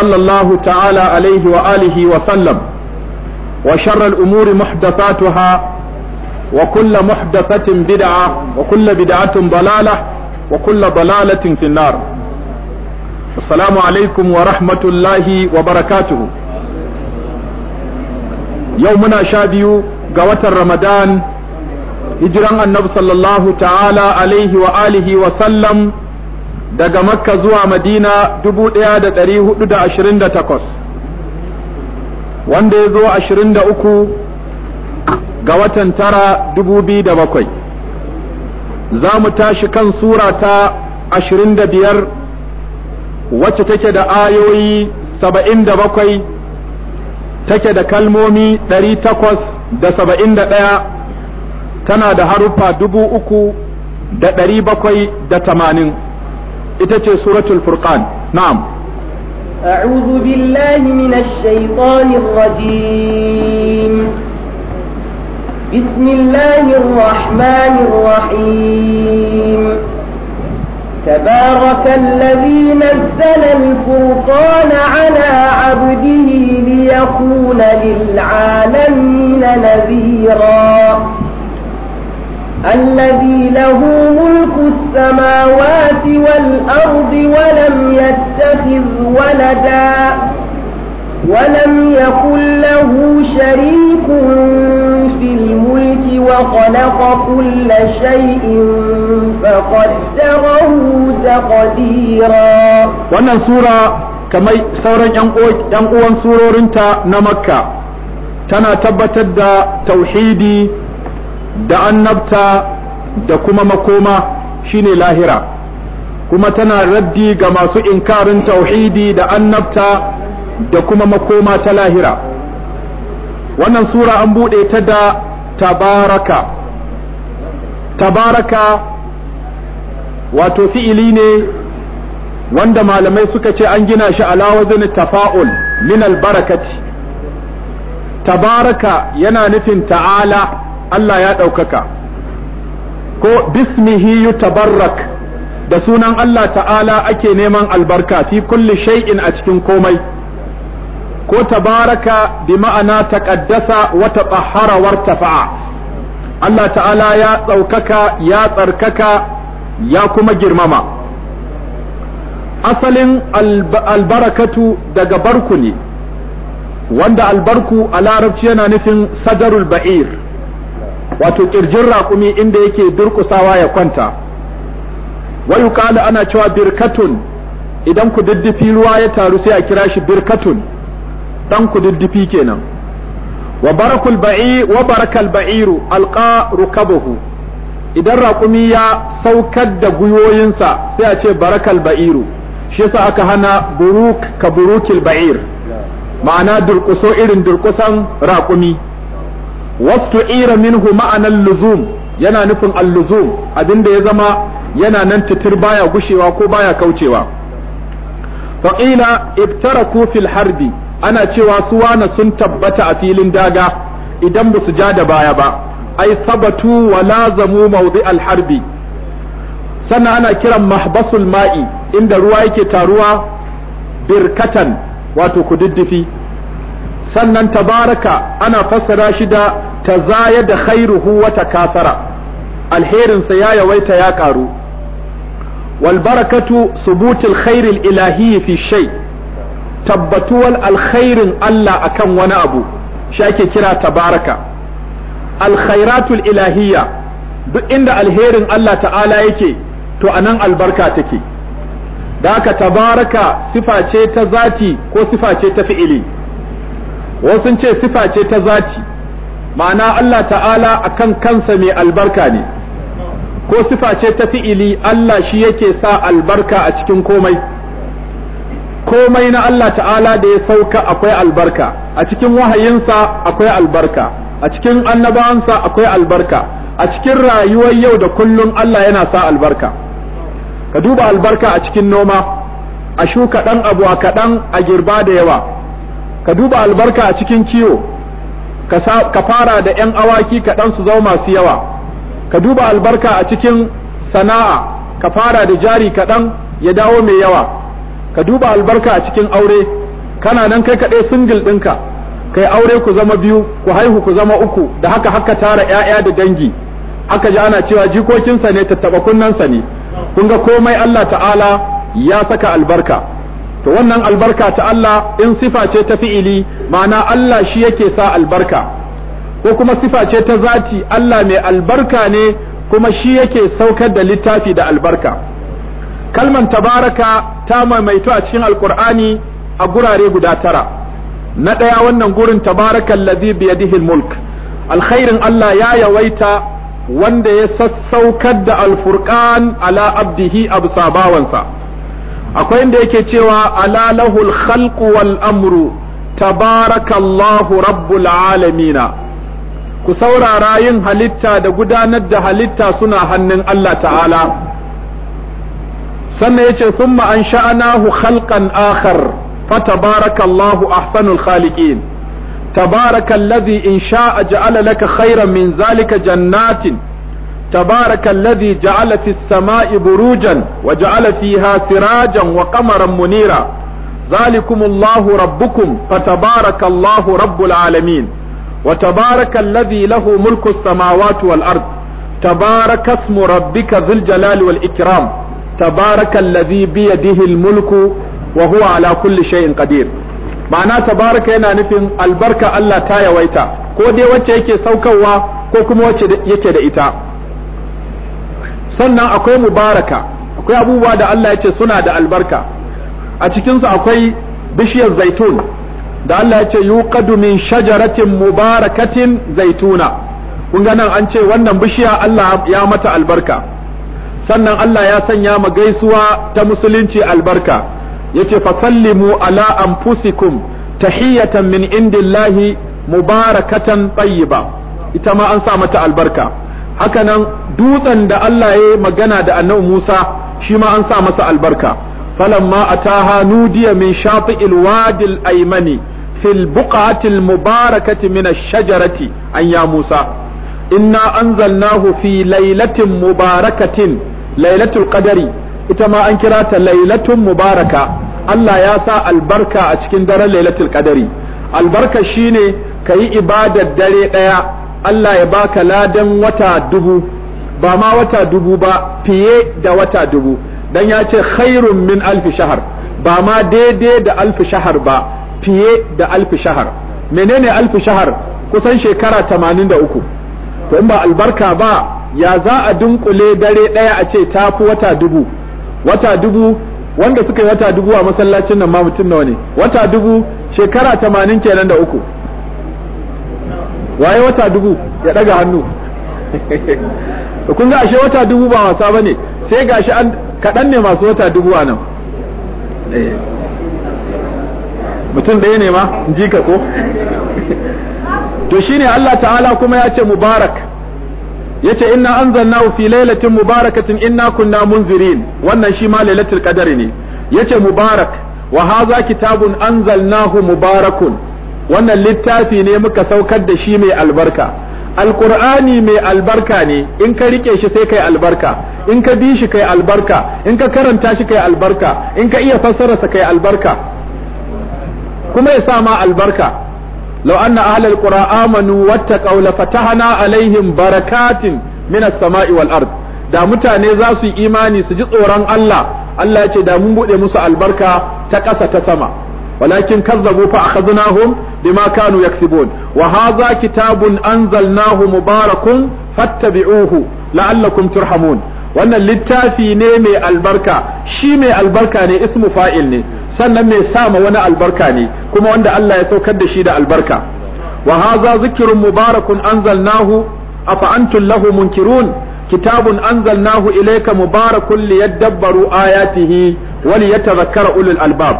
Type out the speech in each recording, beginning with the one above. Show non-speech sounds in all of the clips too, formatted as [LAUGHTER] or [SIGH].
صلى الله تعالى عليه وآله وسلم وشر الأمور محدثاتها وكل محدثة بدعة وكل بدعة ضلالة وكل ضلالة في النار السلام عليكم ورحمة الله وبركاته يومنا شابيو قوة رمضان hijiran annabi sallallahu ta'ala alaihi wa alihi wa sallam daga makka zuwa madina dubu ɗaya da ɗari hudu da ashirin da takwas wanda ya zo ashirin da uku ga watan tara dubu biyu da bakwai za mu tashi kan sura ta ashirin da biyar wacce take da ayoyi saba'in da bakwai take da kalmomi ɗari takwas da saba'in da ɗaya tana da haruffa dubu uku da ɗari bakwai da tamanin إتتي سورة الفرقان نعم أعوذ بالله من الشيطان الرجيم بسم الله الرحمن الرحيم تبارك الذي نزل الفرقان على عبده ليكون للعالمين نذيرا الذي له ملك السماوات والأرض ولم يتخذ ولدا ولم يكن له شريك في الملك وخلق كل شيء فقدره تقديرا wannan sura kamar sauran ‘yan uwan surorinta na makka tana tabbatar da tauhidi da annabta da kuma makoma shine lahira kuma tana raddi ga masu inkarin tauhidi da annabta da kuma makoma ta lahira wannan sura an buɗe ta da tabaraka tabaraka wato fi'ili ne wanda malamai suka ce an gina shi ala wazin tafa'ul min albarakati tabaraka yana nufin ta'ala Allah ya ɗaukaka ko bismihi tabarrak da sunan Allah ta'ala ake neman albarka fi kulli shay'in a cikin komai ko tabaraka bi ma'ana taqaddasa wa tatahhara tafa'a Allah ta'ala ya ɗaukaka ya tsarkaka ya kuma girmama asalin albarakatu daga barku ne wanda albarku a larabci yana nufin sadarul ba'ir wato kirjin raƙumi inda yake durƙusawa ya kwanta wa yuqalu ana cewa birkatun idan ku diddifi ruwa ya taru sai a kira shi birkatun dan ku diddifi kenan wa barakul ba'i wa barakal ba'iru alqa rukabahu idan raƙumi ya saukar da guyoyinsa sai a ce barakal ba'iru shi yasa aka hana buruk ka burukil ba'ir ma'ana durƙuso irin durƙusan raƙumi wastu'ira minhu ma'anan luzum yana nufin alluzum abinda ya zama yana nan titir baya gushewa ko baya kaucewa fa'ila ibtara fil harbi ana cewa su wana sun tabbata a filin daga idan ba su ja da baya ba ai sabatu wa lazamu mawdi al harbi sannan ana kiran mahbasul ma'i inda ruwa yake taruwa birkatan wato kududdufi sannan tabaraka ana fassara shi da tazaya da khairuhu wata kasara, alherinsa ya yawaita ya karu wal barakatu subutul khairil ilahi fi shai, tabbatuwal alkhairin Allah akan wani abu shi ake kira tabaraka alkhairatul ilahiyya duk inda alherin Allah ta'ala yake to anan albarka take da haka tabaraka sifa ce ta zati ko sifa ce ta fi'ili wasu ce sifa ce ta zaci ma'ana Allah ta'ala akan kansa mai albarka ne ko sifa ce ta fi'ili Allah shi yake sa albarka a cikin komai komai na Allah ta'ala da ya sauka akwai albarka a cikin wahayinsa akwai albarka a cikin annabawansa akwai albarka a cikin rayuwar yau da kullum Allah yana sa albarka ka duba albarka a cikin noma a shuka ɗan abu a kaɗan a girba da yawa ka duba albarka a cikin kiwo ka fara da 'yan awaki kaɗan su zama masu yawa ka duba albarka a cikin sana'a ka fara da jari kaɗan ya dawo mai yawa ka duba albarka a cikin aure kana nan kai kaɗai singil ɗinka kai aure ku zama biyu ku haihu ku zama uku da haka haka tara 'ya'ya da dangi aka ji ana cewa jikokinsa ne tattaɓa kunnensa ne kun ga komai Allah ta'ala ya saka albarka to wannan albarka ta Allah in sifa ce ta fi'ili ma'ana Allah shi yake sa albarka ko kuma sifa ce ta zati Allah mai albarka ne kuma shi yake saukar da littafi da albarka kalman tabaraka ta maimaito a cikin alkur'ani a gurare guda tara na ɗaya wannan gurin tabarakan ladhi biyadihi mulk alkhairin Allah ya yawaita wanda ya sassaukar da alfurqan ala abdihi abu sabawansa akwai inda yake cewa alalahul lahul khalqu wal amru tabarakallahu rabbul alamina ku saurara yin halitta da gudanar da halitta suna hannun Allah ta'ala sannan yace thumma ansha'nahu khalqan akhar fatabarakallahu ahsanul khaliqin tabarakallazi in sha'a ja'ala laka khairan min zalika jannatin تبارك الذي جعل في السماء بروجا وجعل فيها سراجا وقمرا منيرا ذلكم الله ربكم فتبارك الله رب العالمين وتبارك الذي له ملك السماوات والأرض تبارك اسم ربك ذو الجلال والإكرام تبارك الذي بيده الملك وهو على كل شيء قدير ma'ana tabaraka yana nufin albarka Allah ta yawaita ko dai wacce yake saukarwa ko kuma wacce yake da ita sannan akwai mubaraka akwai abubuwa da Allah ya ce suna da albarka a cikinsu akwai bishiyar zaitun da Allah ya ce yuqadu min shajaratin mubarakatin zaituna kun ga nan an ce wannan bishiya Allah ya mata albarka sannan Allah ya sanya ma gaisuwa ta musulunci albarka yace fasallimu ala anfusikum tahiyatan min indillahi mubarakatan tayyiba ita ma an sa mata albarka haka nan dutsen da Allah ya yi magana da annabi Musa shi ma an sa masa albarka falamma ataha nudiya min shafi'il wadil aymani fil buqatil mubarakati min ash-shajarati an ya Musa inna anzalnahu fi laylatin mubarakatin lailatul qadari ita ma an kira ta lailatun mubaraka Allah ya sa albarka a cikin daren lailatul qadari albarka shine kayi ibadar dare daya Allah ya baka ladan wata dubu ba ma wata dubu ba fiye da wata dubu dan ya ce khairun min alfi shahar ba ma daidai da alfi shahar ba fiye da alfi shahar menene alfi shahar kusan shekara tamanin 83 to in ba albarka ba ya za a dunkule dare ɗaya a ce tafi wata dubu wata dubu wanda suka yi wata dubu a masallacin nan ma mutum nawa ne wata dubu shekara tamanin kenan da uku waye wata dubu ya daga hannu [LAUGHS] kun ga ashe wata dubu ba wasa bane sai gashi an kaɗan ne masu wata dubu a nan eh. mutum ɗaya ne ma ji ka ko [LAUGHS] to shine Allah ta'ala kuma ya ce mubarak ya ce inna anzalna fi lailatin mubarakatin inna kunna munzirin wannan shi ma lailatul qadari ne ya ce mubarak wa haza kitabun anzalnahu mubarakun wannan littafi ne muka saukar da shi mai albarka alkur'ani mai albarka ne in ka rike shi sai kai albarka in ka bi shi kai albarka in ka karanta shi kai albarka in ka iya fassararsa kai albarka kuma ya sa ma albarka law anna ahlal qura amanu wattaqaw la fatahna barakatin minas sama'i wal ard da mutane za su yi imani su ji tsoron Allah Allah ya ce da mun bude musu albarka ta ƙasa ta sama walakin kazzabu fa akhadnahum bima kanu yaksibun wa kitabun anzalnahu mubarakun fattabi'uhu la'allakum turhamun wannan littafi ne mai albarka shi mai albarka ne ismu fa'il ne sannan mai sama wani albarka ne kuma wanda Allah ya saukar da shi da albarka wahaza zikirin mubarakun anzalnahu afa'antullahu antum lahu munkirun kitabun anzalnahu ilayka mubarakun liyadabbaru ayatihi wa liyatadhakkara ulul albab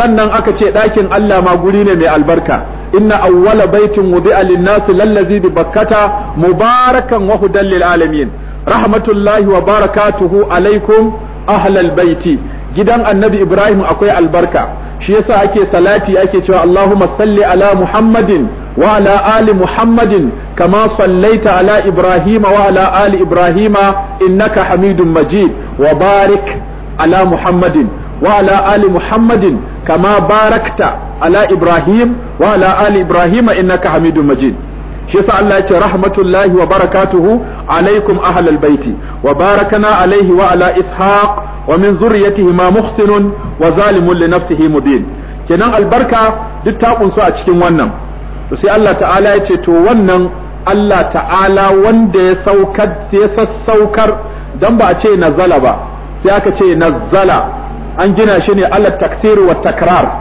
sannan aka ce ɗakin Allah ma guri ne mai albarka inna awwala baitin wudi'a lin-nasi lallazi bi bakkata mubarakan wa hudan lil alamin rahmatullahi wa barakatuhu alaikum ahlal baiti gidan annabi Ibrahim akwai albarka shi yasa ake salati ake cewa Allahumma salli ala Muhammadin wa ala ali Muhammadin kama sallaita ala Ibrahim wa ala ali ibrahima innaka Hamidum Majid wa barik ala Muhammadin وعلى آل محمد كما باركت ala إبراهيم وعلى آل إبراهيم إنك حميد مجيد shi sa Allah yace ce rahmatullahi wa barakatuhu alaikum ahlal baiti wa barakana alaihi wa ala ishaq wa min zurriyatihi ma muhsinun wa zalimun li nafsihi mubin kenan albarka duk ta kunsu a cikin wannan to sai Allah ta'ala yace to wannan Allah ta'ala wanda ya saukar ya sassaukar dan ba a ce nazala ba sai aka ce nazala an gina shi ne ala taksiru wa takrar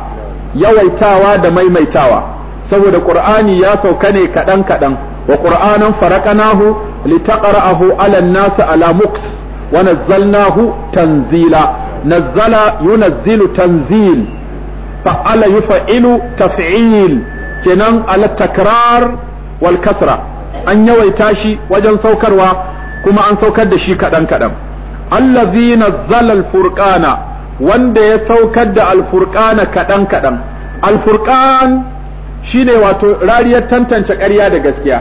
yawaitawa da maimaitawa saboda qur'ani ya sauka ne kadan kadan wa qur'anan faraqanahu litaqra'ahu ala an-nas ala muks wa nazzalnahu tanzila nazzala yunazzilu tanzil Fa ala yuf'ilu taf'il kenan ala takrar wal kasra an yawaita shi wajen saukarwa kuma an saukar da shi kadan kadan allazi nazzala al-furqana wanda ya saukar da alfurkana kaɗan kaɗan shi ne wato rariyar tantance ƙarya da gaskiya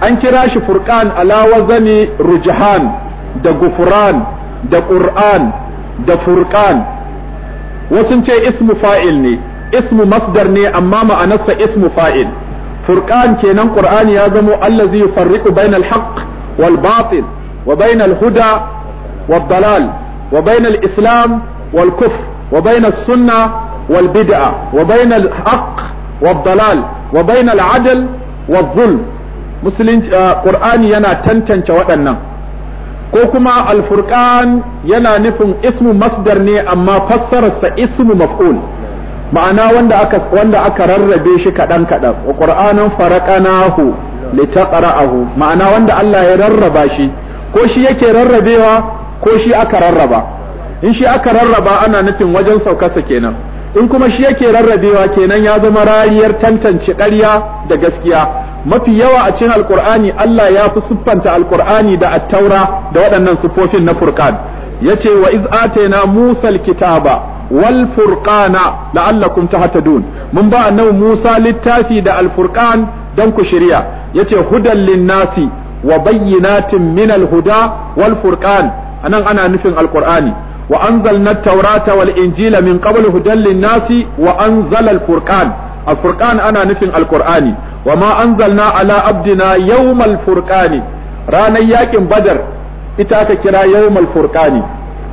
an kira shi furƙan alawa zane rujhan da gufran da ƙur'an da furƙan wasu ce ismu fa'il ne ismu masdar ne amma ma'anarsa ismu fa'il furƙan kenan ƙur'ani ya zamo allazi yufarriqu bainal haqq wal batil wa bainal huda wad dalal wa bainal islam wal kuf wa bayna sunna wal bid'a wa bayna al-haqq wad wa bayna al-adl wad zulm musulunci eh, yana tantance waɗannan ko kuma al yana nufin ismu masdar ne amma fassararsa ismu maf'ul ma'ana wanda aka rarrabe shi kaɗan kaɗan wa qur'anan faraqanahu litaqra'ahu ma'ana wanda Allah ya rarraba shi ko shi yake rarrabewa ko shi aka rarraba in shi aka rarraba ana nufin wajen saukarsa kenan in kuma shi yake rarrabewa kenan ya zama rariyar tantance ƙarya da gaskiya mafi yawa a cikin alkur'ani Allah ya fi siffanta alkur'ani da attaura da waɗannan siffofin na furqan yace wa iz atayna musal kitaba wal furqana la'allakum tahtadun mun ba annabi Musa littafi da alfurqan dan ku shirya yace hudan linnasi wa bayyinatin minal huda wal furqan anan ana nufin alkur'ani wa anzalna at-taurata wal injila min qabl nasi wa anzala al ana nufin al-qur'ani wa ma anzalna ala abdina yawmal furqani ranar yaƙin badar ita aka kira yawmal furqani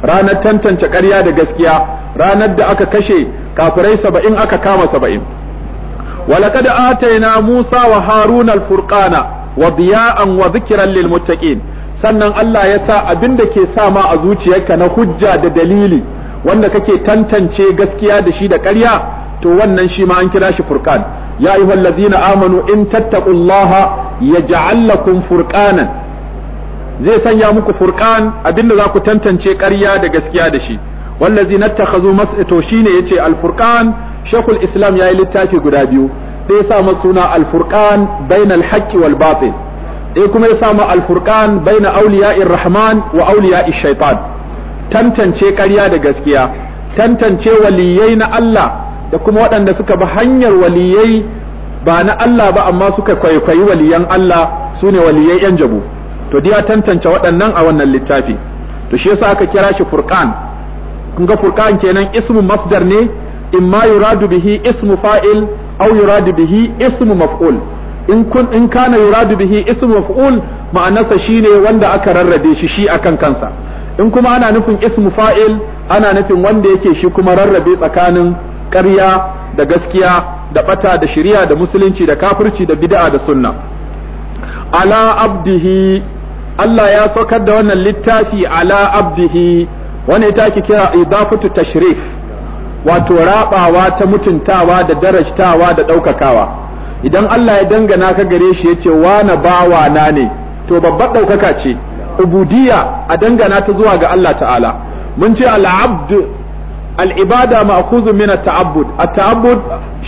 ranar tantance ƙarya da gaskiya ranar da aka kashe kafirai saba'in aka kama saba'in ولقد آتينا wa وهارون الفرقان وضياء وذكرا للمتقين sannan Allah ya sa abin da ke sa ma a zuciyarka na hujja da dalili wanda kake tantance gaskiya da shi da ƙarya to wannan shi ma an kira shi furqan ya ayyuhal ladina amanu in tattaqullaha yaj'al lakum furqanan zai sanya muku furqan abinda za ku tantance ƙarya da gaskiya da shi wallazina takhazu to shine yace al furqan shaykhul islam yayi littafi guda biyu sai ya sa suna al furqan bainal haqqi wal batil ɗaya kuma ya samu alfurqan baina in rahman wa auliya ishaitan tantance ƙarya da gaskiya tantance waliyai na Allah da kuma waɗanda suka bi hanyar waliyai ba na Allah ba amma suka kwaikwayi waliyan Allah su ne waliyai yan jabu to diya tantance waɗannan a wannan littafi to shi yasa aka kira shi furqan kun ga furqan kenan ismu masdar ne imma yuradu bihi ismu fa'il aw yuradu bihi ismu maf'ul in kun in kana yuradu bihi ism maf'ul ma'anarsa shine wanda aka rarrabe shi shi akan kansa in kuma ana nufin ism fa'il ana nufin wanda yake shi kuma rarrabe tsakanin ƙarya da gaskiya da bata da shari'a da musulunci da kafirci da bid'a da sunna ala abdihi Allah ya saukar da wannan littafi ala abdihi wani ita ake kira idafatu tashrif wato rabawa ta mutuntawa da darajtawa da ɗaukakawa idan Allah ya dangana ka gare shi yace wana bawa na ne to babbar ɗaukaka ce ubudiya a dangana ta zuwa ga Allah ta'ala mun ce al al'ibada al-ibada ma'khuzun min at-ta'abbud at-ta'abbud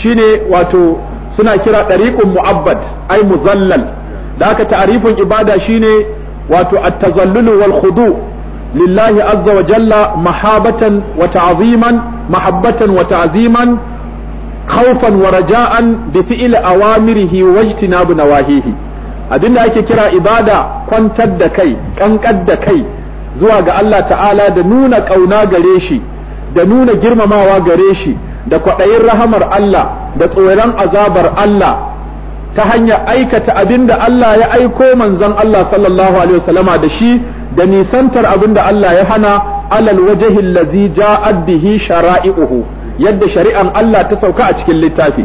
shine wato suna kira dariqun mu'abbad ay muzallal da aka ta'rifin ibada shine wato at-tazallul wal khudu lillahi azza wa jalla mahabatan wa ta'ziman mahabbatan wa ta'ziman khawfan wa raja'an bi fi'il awamirihi wa ijtinabu nawahihi abinda ake kira ibada kwantar da kai kankar da kai zuwa ga Allah ta'ala da nuna ƙauna gare shi da nuna girmamawa gare shi da kwaɗayin rahamar Allah da tsoron azabar Allah ta hanyar aikata abin da Allah ya aiko manzon Allah sallallahu alaihi da shi da nisantar abin da Allah ya hana alal wajhi allazi ja'at bihi shara'i'uhu yadda shari'an Allah ta sauka a cikin littafi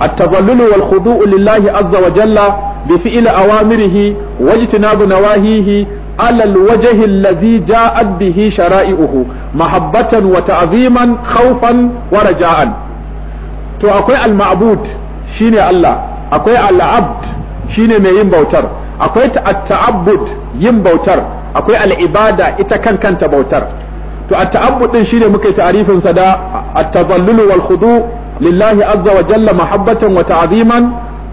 at-tazallulu wal lillahi azza wa jalla bi fi'li awamirihi wa ijtinabu nawahihi ala al-wajhi alladhi ja'at bihi shara'i'uhu mahabbatan wa ta'ziman khaufan, wa raja'an to akwai al-ma'bud shine Allah akwai al-abd shine mai yin bautar akwai at-ta'abbud yin bautar akwai al'ibada ibada ita kankanta bautar to a taabbud din shine muka yi ta'rifin sa da at-tadallul wal khudu lillahi azza wa jalla mahabbatan wa ta'ziman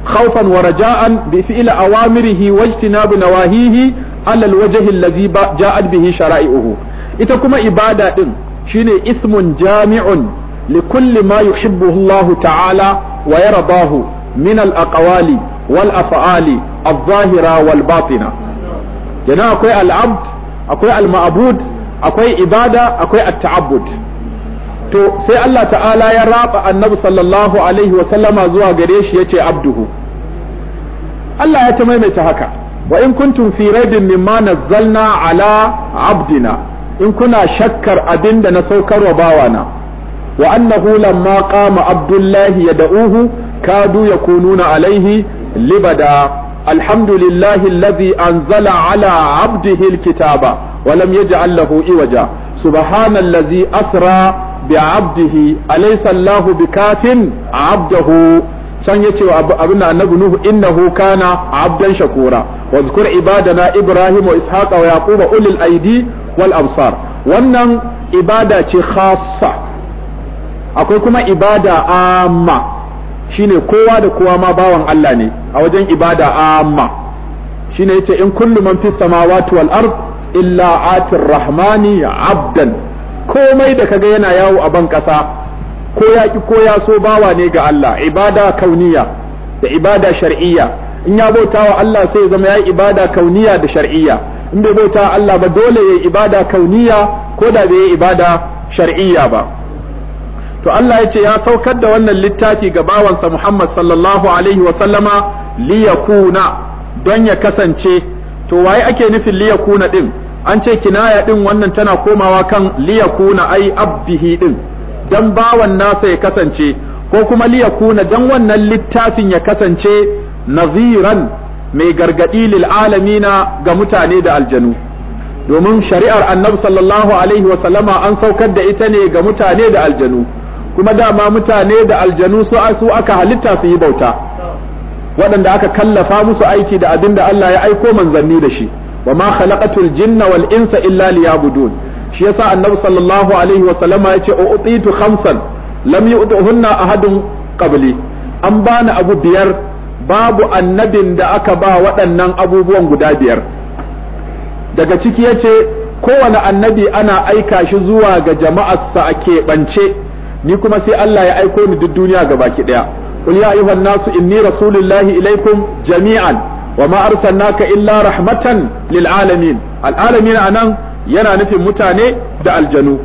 khawfan wa raja'an bi fi'li awamirihi wa ijtinabi nawahihi ala al-wajhi alladhi ja'at bihi shara'i'uhu ita kuma ibada din shine ismun jami'un li kulli ma yuhibbuhu Allah ta'ala wa yardahu min al-aqwali wal af'ali al-zahira wal batina yana akwai al-abd akwai al-ma'bud akwai ibada akwai at-ta'abbud to sai Allah ta'ala ya raba annabi sallallahu alaihi wa sallama zuwa gare shi yace abduhu Allah ya ta maimaita haka wa in kuntum fi raibin mimma nazzalna ala abdina in kuna shakkar abin da na saukarwa bawana wa annahu lamma qama abdullahi yad'uhu kadu yakununa alaihi libada alhamdu lillahi lazi anzala ala abdihi alkitaba wa allahu iwaja lahu lazi asra bi abdihi alaysa allahu bikafin abdahu can ya ce wa abin da annabi nuhu innahu kana abdan shakura wa zkur ibadana ibrahim wa ishaqa wa yaquba ulil aidi wal absar wannan ibada ce khassa akwai kuma ibada amma shine kowa da kowa ma bawan Allah ne a wajen ibada amma shine yace in kullu man fis samawati wal ard illa atir rahmani abdan komai da kaga yana yawo a ban kasa ko ya ki ko ya so bawa ne ga Allah ibada kauniya da ibada shar'iyya in ya bautawa Allah sai ya zama ya ibada kauniya da shar'iyya in bai bauta Allah ba dole ya ibada kauniya ko da bai ibada shar'iyya ba to Allah ya ce ya saukar da wannan littafi ga bawansa Muhammad sallallahu alaihi wa sallama liyakuna don ya kasance to waye ake nufin liyakuna din an ce kinaya din wannan tana komawa kan liyakuna ai abdihi din dan bawan nasa ya kasance ko kuma liyakuna dan wannan littafin ya kasance naziran mai gargadi lil alamina ga mutane da aljanu domin shari'ar annabi sallallahu alaihi wa sallama an saukar da ita ne ga mutane da aljanu kuma dama mutane da aljanu su su aka halitta su yi bauta waɗanda aka kallafa musu aiki da abin da Allah ya aiko manzanni da shi wa ma khalaqatul jinna wal insa illa liyabudun shi yasa annabi sallallahu alaihi wa sallama yace utitu khamsan lam yu'tuhunna ahadun qabli an bani abu biyar babu annabin da aka ba waɗannan abubuwan guda biyar daga ciki yace kowane annabi ana aika shi zuwa ga jama'arsa a keɓance ni kuma sai Allah ya aiko ni duk duniya gabaki daya qul ya ayyuhan nasu inni rasulullahi ilaikum jami'an wa ma arsalnaka illa rahmatan lil alamin al alamin anan yana nufin mutane da aljanu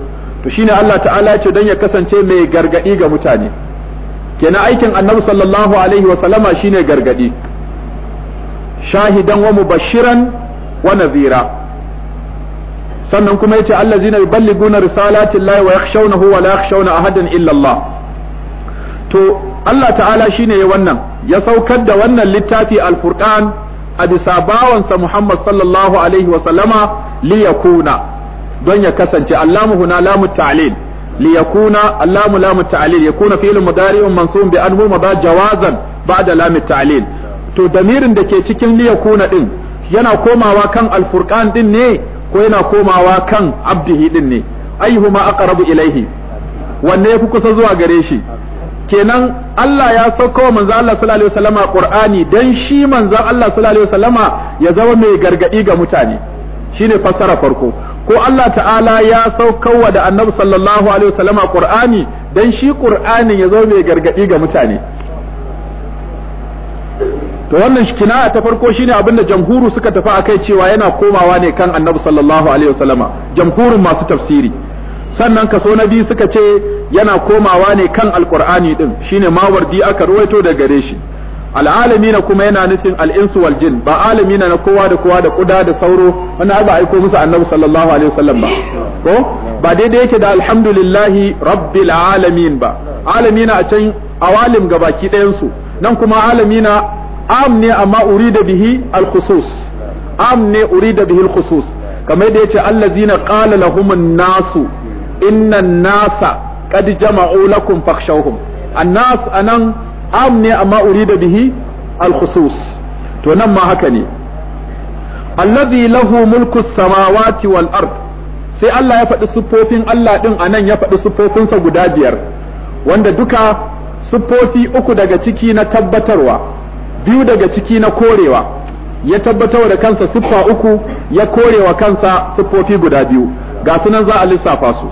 to shine Allah ta'ala ce dan ya kasance mai gargadi ga mutane kenan aikin annabi sallallahu alaihi wa sallama shine gargadi shahidan wa mubashiran wa nadhira sannan kuma yace allazina yuballiguna risalati llahi wa yakhshawnahu wa la yakhshawna ahadan illa Allah to Allah ta'ala shine ya wannan ya saukar da wannan littafi alfurqan a bisa Muhammad sallallahu alaihi wa sallama li yakuna don ya kasance allamu huna lamu ta'lil li yakuna allamu lamu ta'lil yakuna fi'lun mudari'un mansubun bi anhu jawazan ba'da lamu ta'lil to damirin da ke cikin li yakuna din yana komawa kan alfurqan din ne ko yana komawa kan abdihi din ne ayyuhuma aqrabu ilaihi wanne yafi kusa zuwa gare shi kenan Allah ya sauko wa manzo Allah sallallahu alaihi wasallama Qur'ani dan shi manzo Allah sallallahu alaihi wasallama ya zama mai gargadi ga mutane shine fassara farko ko Allah ta'ala ya wa da annabi sallallahu alaihi wasallama Qur'ani dan shi Qur'anin ya zama mai gargadi ga mutane to wannan kinaya ta farko shine abin da jamhuru suka tafi akai cewa yana komawa ne kan annabi sallallahu alaihi wasallama jamhurin masu tafsiri sannan kaso na biyu suka ce yana komawa ne kan alqur'ani din shine mawardi aka ruwaito da gare shi al'alamina kuma yana nufin al'insu wal jin ba al'ami na kowa da kowa da kuda da sauro wannan ba aiko musu annabi sallallahu alaihi wasallam ba ko ba daidai yake da alhamdulillahi rabbil alamin ba alamina a can awalim ga baki ɗayan su nan kuma alamina am ne amma da bihi al am ne da bihi al kamar yadda yace allazina qala lahum nasu inna nasa qad jama'u lakum fakhshawhum an anan am ne amma da bihi al to nan ma haka ne allazi lahu mulku samawati wal ard sai Allah ya faɗi siffofin Allah a anan ya faɗi siffofinsa guda biyar wanda duka siffofi uku daga ciki na tabbatarwa biyu daga ciki na korewa ya tabbatar da kansa siffa uku ya korewa kansa siffofi guda biyu ga sunan za a lissafa su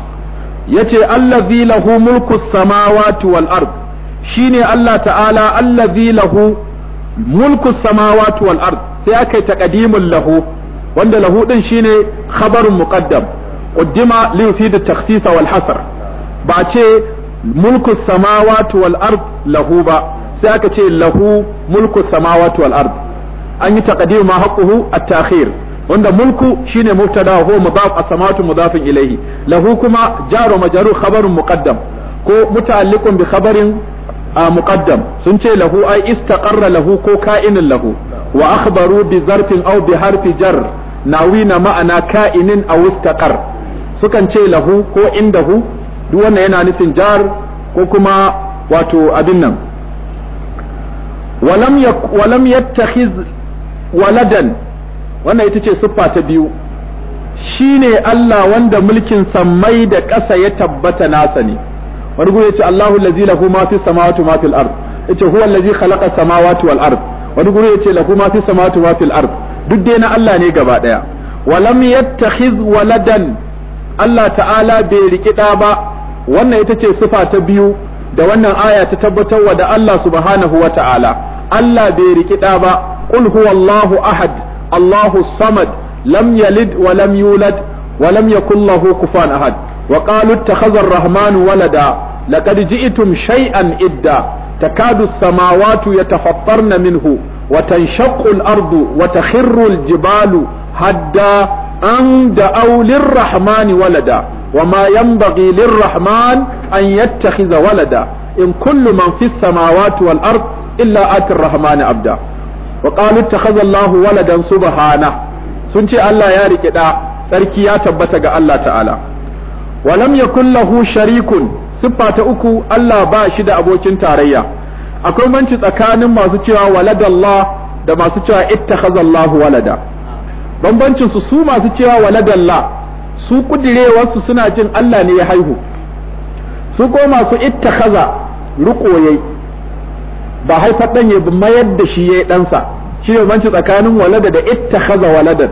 yace allazi lahu mulku samawati wal ard shine Allah ta'ala allazi lahu mulku samawati wal ard sai aka yi taqdimul lahu wanda lahu din shine khabarun muqaddam qaddima li yufid at-takhsis wal hasr ba ce mulku samawati wal ard lahu ba sai aka ce lahu mulku samawati wal ard an yi taqdimu ma haqquhu at-ta'khir wanda mulku shine mubtada huwa mudaf as mudafin ilayhi lahu kuma jaru habarin khabarun muqaddam ko muta'alliqun bi khabarin muqaddam sun ce lahu ai istaqarra lahu ko ka'inin lahu wa akhbaru bi zarfin aw bi harfi jar nawina ma'ana ka'inin aw istaqar sukan ce lahu ko indahu duk wannan yana nufin jar ko kuma wato abin nan walam yattakhiz waladan wannan ita ce siffa ta biyu shine Allah wanda mulkin sammai da ƙasa ya tabbata nasa ne wani guri ce Allahu allazi lahu ma fi samawati ma fil ard ce huwa allazi khalaqa samawati wal ard wani guri ce lahu ma fi samawati ma fil ard duk dai na Allah ne gaba daya walam yattakhiz waladan Allah ta'ala bai riki ɗa ba wannan ita ce sifa ta biyu da wannan aya ta wa da Allah subhanahu wa ta'ala Allah bai riki ba qul huwallahu ahad Allahu samad lam yalid wa lam yulad wa lam yakul lahu kufuwan ahad wa qalu ittakhadha rahmanu walada laqad ji'tum shay'an idda takadu samawatu ya yatafattarna minhu wa tanshaqqu al-ardu wa takhirru al-jibalu hadda an da'aw lir-rahmani walada وما ينبغي للرحمن أن يتخذ ولدا إن كل من في السماوات والأرض إلا آتي الرحمن عبدا وقالوا اتخذ الله ولدا سبحانه سنتي الله يا ركدا سركي يا تبتا الله تعالى ولم يكن له شريك siffa ta uku Allah ba shi da abokin tarayya akwai manci tsakanin masu cewa waladallah da masu cewa ittakhazallahu walada bambancin su masu cewa waladallah su kudirewarsu suna jin Allah ne ya haihu su ko masu ittakaza riko yayi ba haifar dan ya mayar da shi yayi ɗansa shi ne banci tsakanin walada da kaza waladan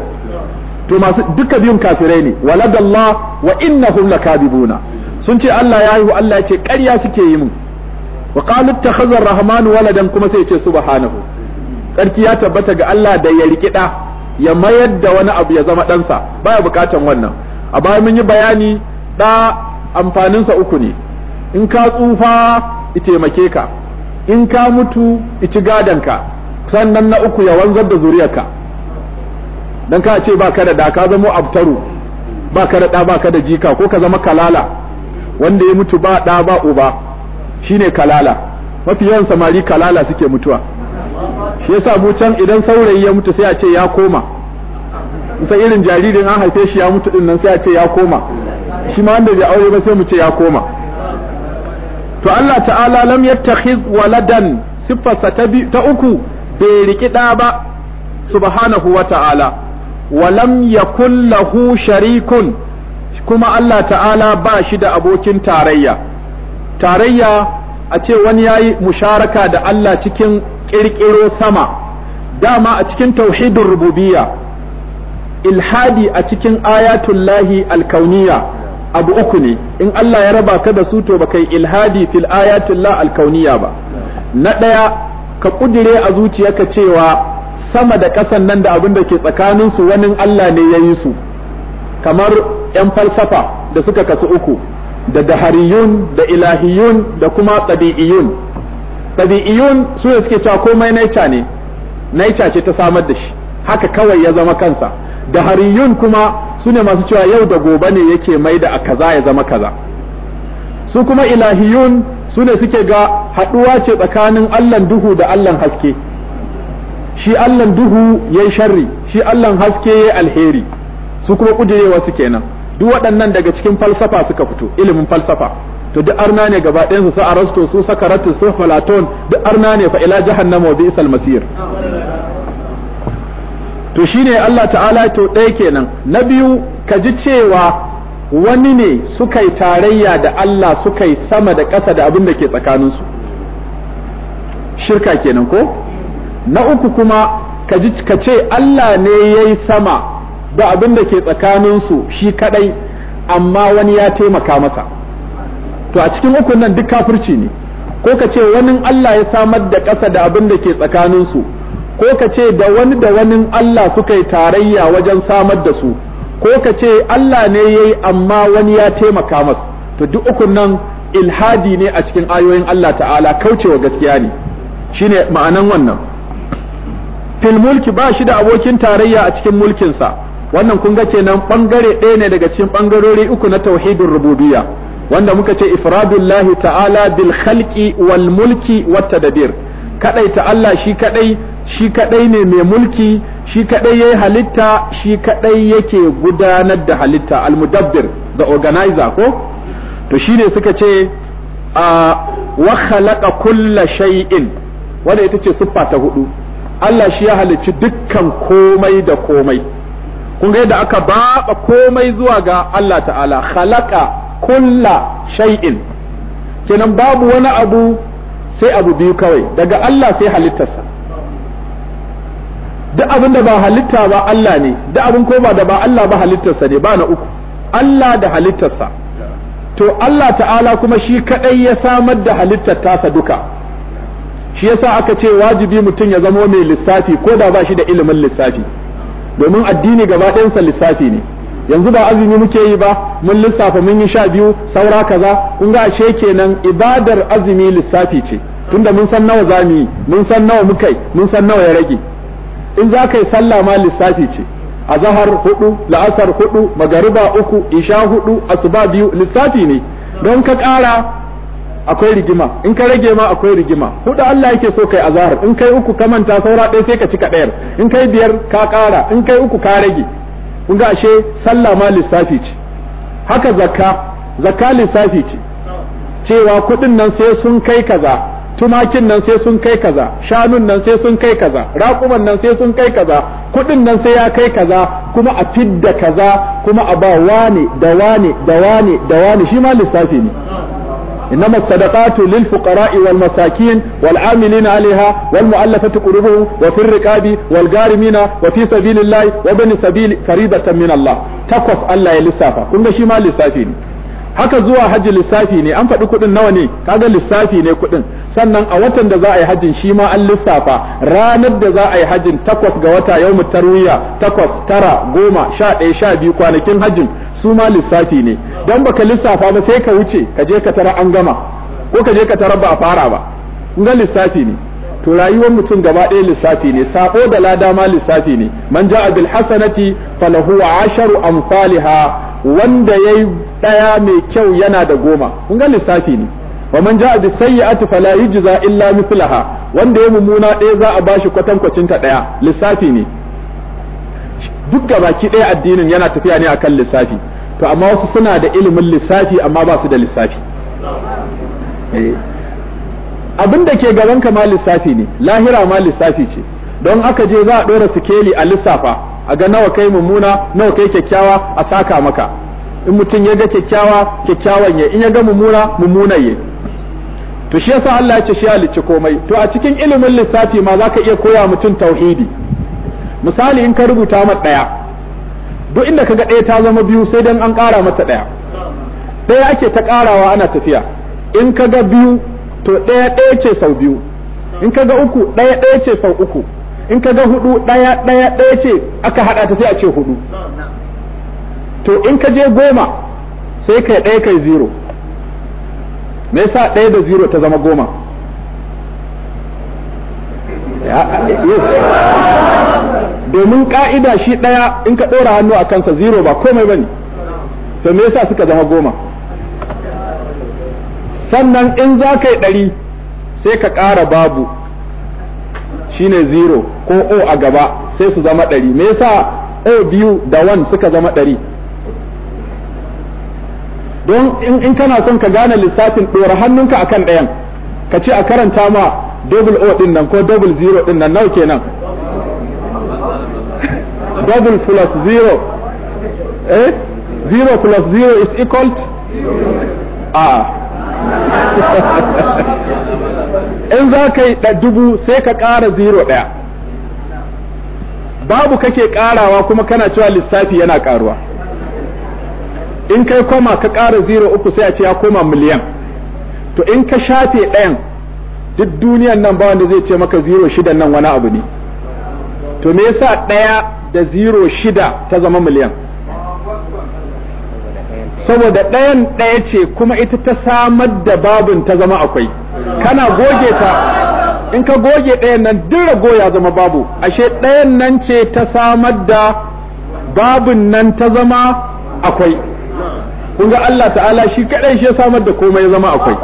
to masu duka biyun kafirai ne waladallah wa innahum lakadibuna sun ce Allah ya haihu Allah ya ce ƙarya suke yi mun wa qalu ittakhadha ar-rahmanu waladan kuma sai ya ce subhanahu sarki ya tabbata ga Allah da ya rikida ya mayar da wani abu ya zama ɗansa baya bukatan wannan a baya mun yi bayani da amfaninsa uku ne in ka tsufa i taimake ka in ka mutu i ci ka sannan na uku ya wanzar da zuriyarka dan ka ce ba ka da da ka zama abtaru ba ka da ɗa ba ka da jika ko ka zama kalala wanda ya mutu ba da ba uba shine kalala mafi yawan samari kalala suke mutuwa shi yasa mu can idan saurayi ya mutu sai a ce ya koma sai irin jaririn an haife shi ya mutu dinnan sai a ce ya koma shi ma wanda bai aure ba sai mu ce ya koma to Allah ta'ala lam yattakhiz waladan siffarsa ta ta uku bai riki da ba subhanahu wa ta'ala wa lam yakul lahu sharikun kuma Allah ta'ala ba shi da abokin tarayya tarayya a ce wani yayi musharaka da Allah cikin kirkiro sama dama a cikin tauhidin rububiyya ilhadi a cikin ayatullahi alkauniya abu uku ne in Allah ya raba ka da su to baka ilhadi fil ayatullah alkauniya ba na ɗaya ka kudire a zuciyarka cewa sama da ƙasan nan da abin da ke tsakanin su wani Allah ne ya yi su kamar 'yan falsafa da suka kasu uku da dahariyun da ilahiyun da kuma tabi'iyun tabi'iyun su ne suke cewa komai naica ne naica ce ta samar da shi haka kawai ya zama kansa da hariyun kuma su ne masu cewa yau da gobe ne yake mai da a kaza ya zama kaza su kuma ilahiyun su ne suke ga haɗuwa ce tsakanin allan duhu da allan haske shi allan duhu ya sharri shi allan haske ya yi alheri su kuma kujerewa su kenan duk waɗannan daga cikin falsafa suka fito ilimin falsafa to duk arna ne gaba ɗayan su arasto su sakaratus su platon duk arna ne fa ila jahannama wa bi'sal masir to shine Allah ta'ala to ɗaya kenan na biyu ka ji cewa wani ne suka yi tarayya da Allah suka yi sama da ƙasa da abin da ke tsakaninsu shirka kenan ko na uku kuma ka ji ka ce Allah ne ya yi sama da abin da ke tsakaninsu shi kadai amma wani ya taimaka masa to a cikin uku nan duk kafirci ne ko ka ce wani Allah ya samar da ƙasa da abin da ke tsakaninsu ko ka ce da wani da wani Allah suka yi tarayya wajen samar da su ko ka ce Allah ne ya yi amma wani ya taimaka masa to duk ukun nan ilhadi ne a cikin ayoyin Allah ta'ala kaucewa gaskiya ne shine ma'anan wannan fil mulki ba shi da abokin tarayya a cikin mulkinsa wannan kun ga kenan bangare ɗaya ne daga cikin bangarori uku na tauhidin rububiyya wanda muka ce ifradullahi ta'ala bil khalqi wal mulki wat tadbir ta Allah shi kadai shi kaɗai ne mai mulki shi kadai yi halitta shi kaɗai yake gudanar da halitta almudabbir the organizer ko to shi ne suka ce a wa khalaqa kulla shay'in wanda ita ce siffa ta hudu Allah shi ya halicci dukkan komai da komai kun ga yadda aka baba komai zuwa ga Allah ta'ala khalaqa kulla shay'in kenan babu wani abu sai abu biyu kawai daga Allah sai halittarsa duk abin da ba halitta ba Allah ne duk abin ko ba da ba Allah ba halittarsa ne ba na uku Allah da halittarsa to Allah ta'ala kuma shi kadai ya samar da halittar tasa duka shi yasa aka ce wajibi mutum ya zama mai lissafi ko da ba shi da ilimin lissafi domin addini gaba ɗayansa lissafi ne yanzu ba azumi muke yi ba mun lissafa mun yi sha biyu saura kaza kun ga ashe kenan ibadar azumi lissafi ce tunda mun san nawa zamu yi mun san nawa mukai mun san nawa ya rage in za ka yi sallah ma lissafi ce azahar hudu la'asar hudu magariba uku isha hudu asuba biyu lissafi ne don ka ƙara akwai rigima in ka rage ma akwai rigima hudu Allah yake so kai azahar. in kai uku ka manta saura ɗaya sai ka cika ɗayar in kai biyar ka kara in kai uku ka rage kun ga ashe sallah ma lissafi ce haka zakka zakka lissafi ce cewa kuɗin nan sai sun kai kaza tumakin nan sai sun kai kaza shanun nan sai sun kai kaza raƙuman nan sai sun kai kaza kuɗin nan sai ya kai kaza kuma a fidda kaza kuma a ba wane da wane da wane da wane shi ma lissafi ne إنما الصدقات للفقراء والمساكين والعاملين عليها والمؤلفة قلوبهم وفي الرقاب والغارمين وفي سبيل الله وبن سبيل فريضة من الله تقف الله يلسافا كنا lissafi لسافين haka zuwa hajji lissafi ne an faɗi kuɗin nawa ne kaga lissafi ne kuɗin sannan a watan da za a yi hajjin shi ma an lissafa ranar da za a yi hajjin takwas ga wata yau tarwiya takwas tara goma sha ɗaya sha biyu kwanakin hajjin su ma lissafi ne don baka lissafa ba sai ka wuce ka je ka tara an gama ko ka je ka tara ba a fara ba ga lissafi ne to rayuwar mutum gaba ɗaya lissafi ne sabo da lada ma lissafi ne man ja'a bil hasanati falahu asharu amsalha wanda yayi ɗaya mai kyau yana da goma kun ga lissafi ne wa man ja'a bi sayyi'ati fala yujza illa mithlaha wanda ya mumuna ɗaya za a bashi kwatankwacin ta ɗaya lissafi ne duk baki ɗaya addinin yana tafiya ne akan lissafi to amma wasu suna da ilimin lissafi amma ba su da lissafi eh. abin da ke gaban ka ma lissafi ne lahira ma lissafi ce don aka je za a ɗora sikeli a lissafa a ga nawa kai mummuna nawa kai kyakkyawa a saka maka in mutum ya ga kyakkyawa kyakkyawan ya in ya ga mummuna mumuna ya to shi yasa Allah ya ce shi halicci komai to a cikin ilimin lissafi ma zaka iya koya mutum tauhidi misali in ka rubuta ma daya duk inda kaga daya ta zama biyu sai dan an kara mata daya daya ake ta karawa ana tafiya in kaga biyu to daya daya ce sau biyu in kaga uku daya daya ce sau uku in kaga hudu daya daya daya ce aka hada ta sai a ce hudu to in ka je goma sai kai ɗaya kai zero me yasa ɗaya da zero ta zama goma domin ka'ida shi ɗaya in ka ɗora hannu a kansa zero ba komai ba ne to me yasa suka zama goma sannan in za ka yi ɗari sai ka ƙara babu shine zero ko o a gaba sai su zama ɗari me yasa o biyu da wan suka zama ɗari don in kana son ka gane lissafin ɗora hannunka akan ɗayan ka ce a karanta ma double o ɗin nan ko double zero ɗin nan nawa kenan [LAUGHS] double plus zero eh zero plus zero is equal to a [LAUGHS] in za ka yi dubu sai ka ƙara zero ɗaya babu kake ƙarawa kuma kana cewa lissafi yana ƙaruwa in kai koma ka ƙara zero uku sai a ce ya koma miliyan to in ka shafe ɗayan duk duniyan nan ba wanda zai ce maka zero shida nan wani abu ne to me yasa ɗaya da zero shida ta zama miliyan saboda ɗayan ɗaya ce kuma ita ta samar da babin ta zama akwai kana goge ta in ka goge ɗayan nan duk rago ya zama babu ashe ɗayan nan ce ta samar da babin nan ta zama akwai kun ga Allah ta'ala shi kaɗai shi ya samar da komai ya zama akwai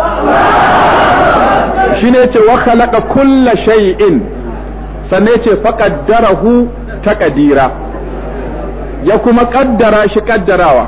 shi shine ce wa khalaqa kulla shay'in sannan ce faqaddarahu taqdira ya kuma kaddara shi kaddarawa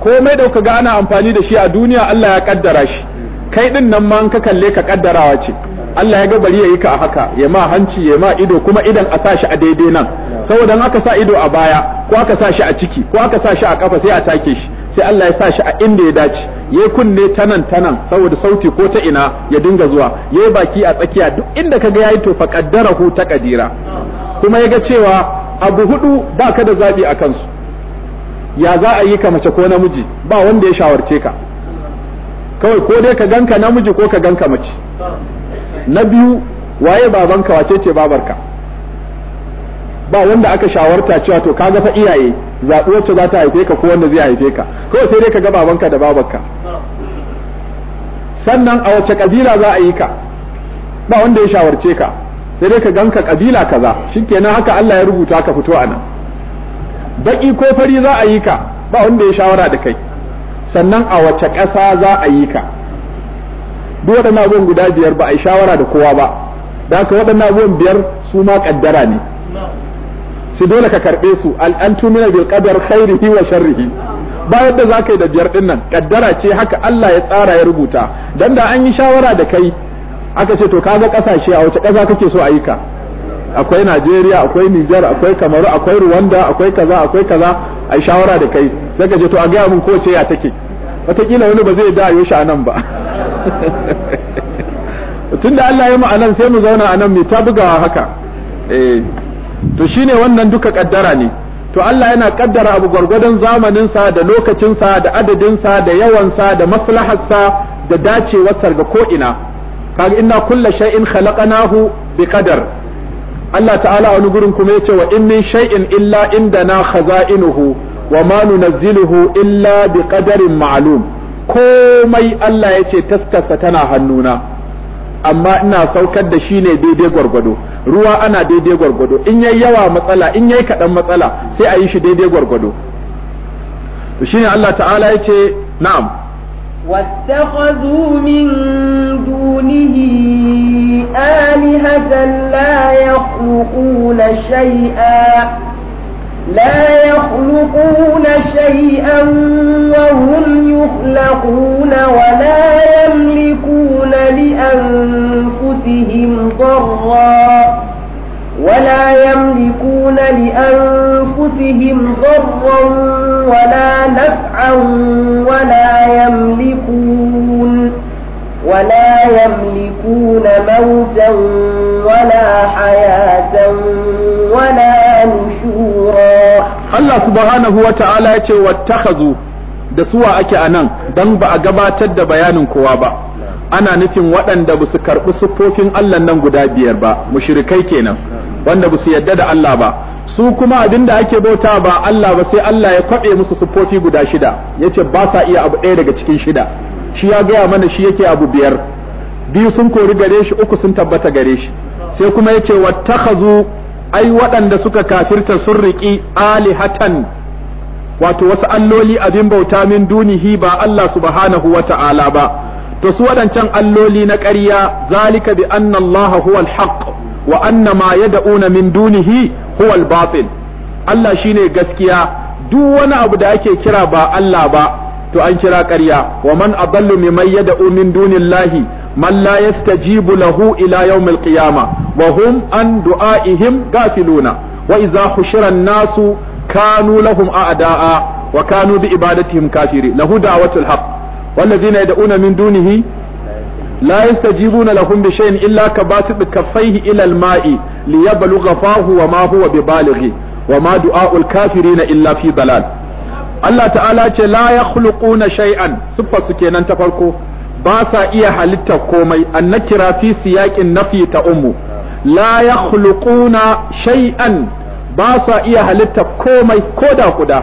komai da ga ana amfani da shi a duniya Allah ya kaddara shi kai din nan ma ka kalle ka kaddarawa ce Allah ya ga bari yayi ka a haka ya ma hanci ya ma ido kuma idan a sa shi a daidai nan saboda aka sa ido a baya ko aka sa shi a ciki ko aka sa shi a kafa sai a take shi sai Allah ya sa shi a inda ya dace yayi kunne tanan tanan saboda sauti ko ta ina ya dinga zuwa yayi baki a tsakiya duk inda kaga yayi to fa qaddarahu qadira kuma yaga cewa abu hudu ka da zabi a kansu ya za a yi ka mace ko namiji ba wanda ya shawarce ka kawai ko dai ka ganka namiji ko ka ganka mace na biyu waye babanka wace ce babarka ba wanda aka shawarta cewa to kaga fa iyaye zaɓi wacce za ta haife ka ko wanda zai haife ka ko sai dai ka ga babanka da babanka sannan a wacce kabila za a yi ka ba wanda ya shawarce ka sai dai ka gan ka kabila kaza shikenan haka Allah ya rubuta ka fito nan baƙi ko fari za a yi ka ba wanda ya shawara da kai sannan a wace ƙasa za a yi ka duk waɗannan abubuwan guda biyar ba a yi shawara da kowa ba da haka waɗannan biyar su ma ƙaddara ne su dole ka karɓe su an tumina bil qadar khairihi wa sharrihi bayan da zaka yi da biyar din nan kaddara ce haka Allah ya tsara ya rubuta dan da an yi shawara da kai aka ce to kaga kasashe a wace kasa kake so ayyuka akwai Najeriya akwai Niger akwai Kamaru akwai Rwanda akwai kaza akwai kaza ai shawara da kai sai ka to a ga mun ko ce ya take wataƙila wani ba zai da yo shi anan ba [LAUGHS] tunda Allah ya mu anan sai mu zauna anan mai ta bugawa haka eh to shine wannan duka kaddara ne to Allah yana kaddara abu gwargwadon zamaninsa da lokacinsa da adadinsa da yawansa da sa da dacewarsa ga ko'ina kaga inna kulla shay'in khalaqnahu bi Allah ta'ala a wani gurin kuma yace wa in min shay'in illa indana khaza'inuhu wa ma nunazziluhu illa biƙadarin ma'alum. ma'lum komai Allah yace taskarsa tana hannuna amma ina saukar da shi ne daidai gwargwado ruwa ana daidai gwargwado in yayi yawa matsala in yayi kaɗan matsala sai a yi shi daidai gwargwado to shine Allah ta'ala ya ce na'am واتخذوا من دونه آلهة لا يخلقون شيئا لا يخلقون شيئا وهم يخلقون ولا يملكون لأنفسهم ضرا ولا يملكون لأنفسهم ضرا ولا نفعا ولا يملكون ولا يملكون موتا ولا حياة ولا نشورا Allah مسحورا الله سبحانه ya ce واتخذوا da suwa ake a nan don ba a gabatar da bayanin kowa ba ana nufin waɗanda ba su karɓi siffofin Allah nan guda biyar ba mushrikai kenan wanda ba su yadda da Allah ba su kuma abin da ake bauta ba Allah ba sai Allah ya kwaɓe musu siffofi guda shida yace ba sa iya abu ɗaya daga cikin shida shi ya gaya mana shi yake abu biyar biyu sun kori gare shi uku sun tabbata gare shi sai kuma ya yace wattakhazu ai waɗanda suka kafirta sun riƙi alihatan wato wasu alloli abin bauta min dunihi ba Allah subhanahu wa ta'ala ba to su waɗancan alloli na ƙarya zalika bi anna Allah huwal haqq wa anna ma yad'una min dunihi huwal batil Allah shine gaskiya duk wani abu da ake kira ba Allah ba to an kira ƙarya wa man adallu mimman yad'u min dunillahi man la yastajibu lahu ila yawmil qiyama wa hum an du'aihim gafiluna wa idza hushira nasu kanu lahum a'daa wa kanu bi ibadatihim kafiri lahu da'watul haqq والذين يدعون من دونه لا يستجيبون لهم بشيء إلا كباسط كفيه إلى الماء ليبلغ فاه وما هو ببالغه وما دعاء الكافرين إلا في ضلال Allah ta'ala ce la yakhluquna shay'an shai'an su kenan ta farko ba sa iya halitta komai annakira fi siyaqin nafi ta ummu la yakhluquna shay'an ba sa iya halitta komai ko da kuda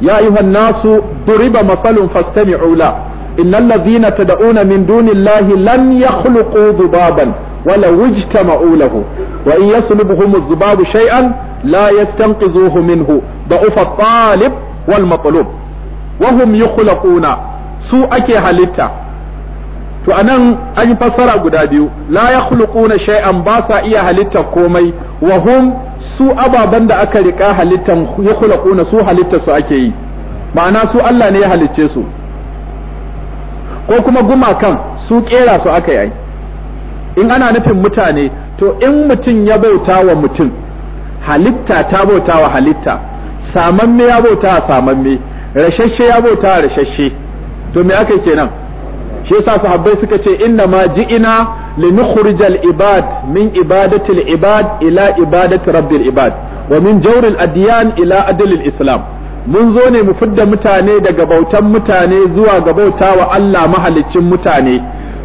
ya ayyuhan nasu duriba masalun fastami'u la innal ladzina tad'una min dunillahi lam yakhluqu dubaban wala wujtama'u lahu wa in yaslubuhum dhubabu shay'an la yastanqidhuhu minhu da'ufa talib wal maqlub wa hum yukhlaquna su ake halitta to anan an yi fassara guda biyu la yakhluquna shay'an ba sa iya halitta komai wa hum su ababan da aka rika halittan yukhlaquna su halitta su ake yi ma'ana su Allah ne ya halicce su ko kuma gumakan su kera su aka yi in ana nufin mutane to in mutum ya bauta wa mutum halitta ta bauta wa halitta samamme ya bauta a me rashashe ya bauta a rashashe to me aka kenan shi yasa sahabbai suka ce inna ma ji'ina linukhrijal ibad min ibadatil ibad ila ibadati rabbil ibad wa min jawril adyan ila al islam mun zo ne mu fidda mutane daga bautan mutane zuwa ga bauta wa Allah mahaliccin mutane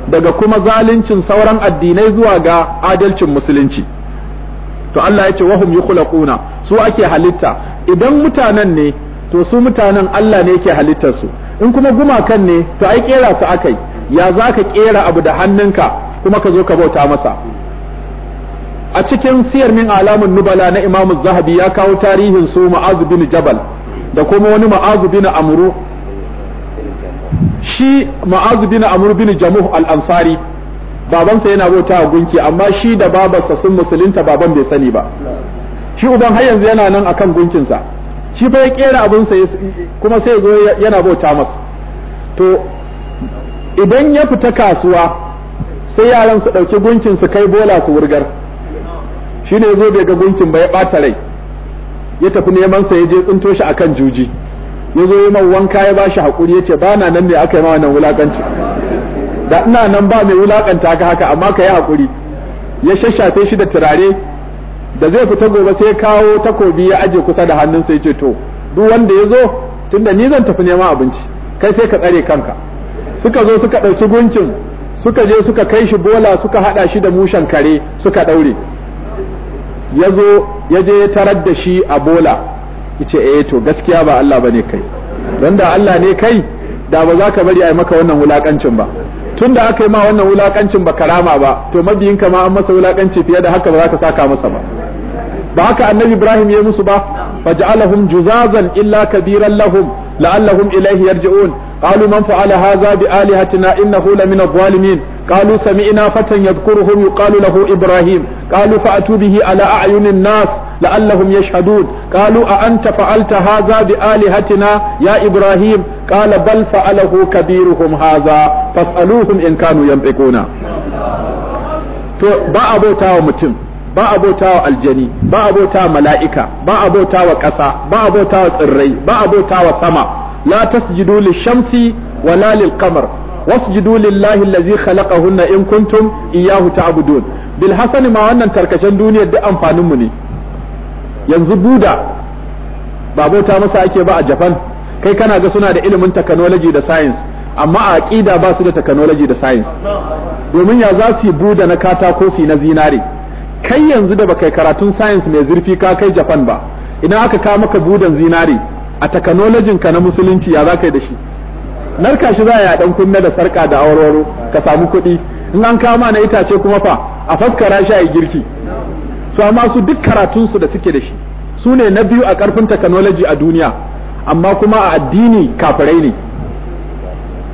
daga kuma zaluncin sauran addinai zuwa ga adalcin musulunci to Allah ya ce wahum yukhlaquna su ake halitta idan mutanen ne to su mutanen Allah ne yake halittarsu, in kuma gumakan ne to ai kera su akai ya za ka kera abu da hannunka kuma ka zo ka bauta masa a cikin siyar min alamun nubala na imamu zahabi ya kawo tarihin su ma'az bin jabal da kuma wani ma'az bin amru shi Ma'azubin bin amru bin jamuh al-ansari babansa yana bauta gunki amma shi da babarsa sun musulunta baban bai sani ba shi uban har yanzu yana nan akan gunkinsa shi fa ya kera abin sa kuma sai zo yana bauta masa to idan ya fita kasuwa sai yaran su dauki gunkin su kai bola su wurgar shi ne yazo bai ga gunkin ba ya bata rai ya tafi neman sa ya je tsinto shi akan juji ya zo yi man wanka ya bashi hakuri ya ce ba na nan ne aka yi ma wannan wulakanci da ina nan ba mai wulakanta ka haka amma ka yi hakuri ya shashafe shi da turare da zai fita gobe sai kawo takobi ya aje kusa da hannun ya ce to duk wanda ya zo tunda ni zan tafi neman abinci kai sai ka tsare kanka suka zo suka ɗauki guncin suka je suka kai shi bola suka haɗa shi da mushen kare suka ɗaure ya zo ya je tarar da shi a bola yace eh to gaskiya ba Allah bane kai don da Allah ne kai da ba za ka bari a yi maka wannan wulakancin ba tunda da aka yi ma wannan wulakancin ba karama ba to mabiyinka ma an masa wulakanci fiye da haka ba za ka saka masa ba ba haka annabi ibrahim ya musu ba faj'alahum juzazan illa kabiran lahum la'allahum ilayhi yarji'un qalu man fa'ala hadha bi alihatina innahu la min adh-dhalimin qalu sami'na fatan yadhkuruhum yuqalu lahu ibrahim qalu fa'atu bihi ala a'yunin nas la'allahum yashhadun qalu a anta fa'alta hadha bi alihatina ya ibrahim qala bal fa'alahu kabiruhum hadha fas'aluhum in kanu yanfiquna to ba abota wa mutum ba abota bautawa aljani ba abota wa mala'ika ba abota wa ƙasa ba abota wa tsirrai ba abota bautawa sama la tasjudu lishamsi wala lilqamar wasjudu lillahi allazi khalaqahunna in kuntum iyyahu ta'budun bil hasani ma wannan tarkacen duniyar duk amfanin mu ne yanzu buda ba abota masa ake ba a japan kai kana ga suna da ilimin technology da science amma a aqida ba su da technology da science domin ya za su yi buda na katako su na zinare kai yanzu da baka karatun science mai zurfi ka kai Japan ba idan aka kawo maka budan zinare a technology ka na musulunci ya zaka yi da shi narka shi za ya dan kunna da sarka da awarwaro ka samu kuɗi in an kawo na itace kuma fa a fakkara shi a girki su amma su duk karatun su da suke da shi su ne na biyu a karfin technology a duniya amma kuma a addini kafirai ne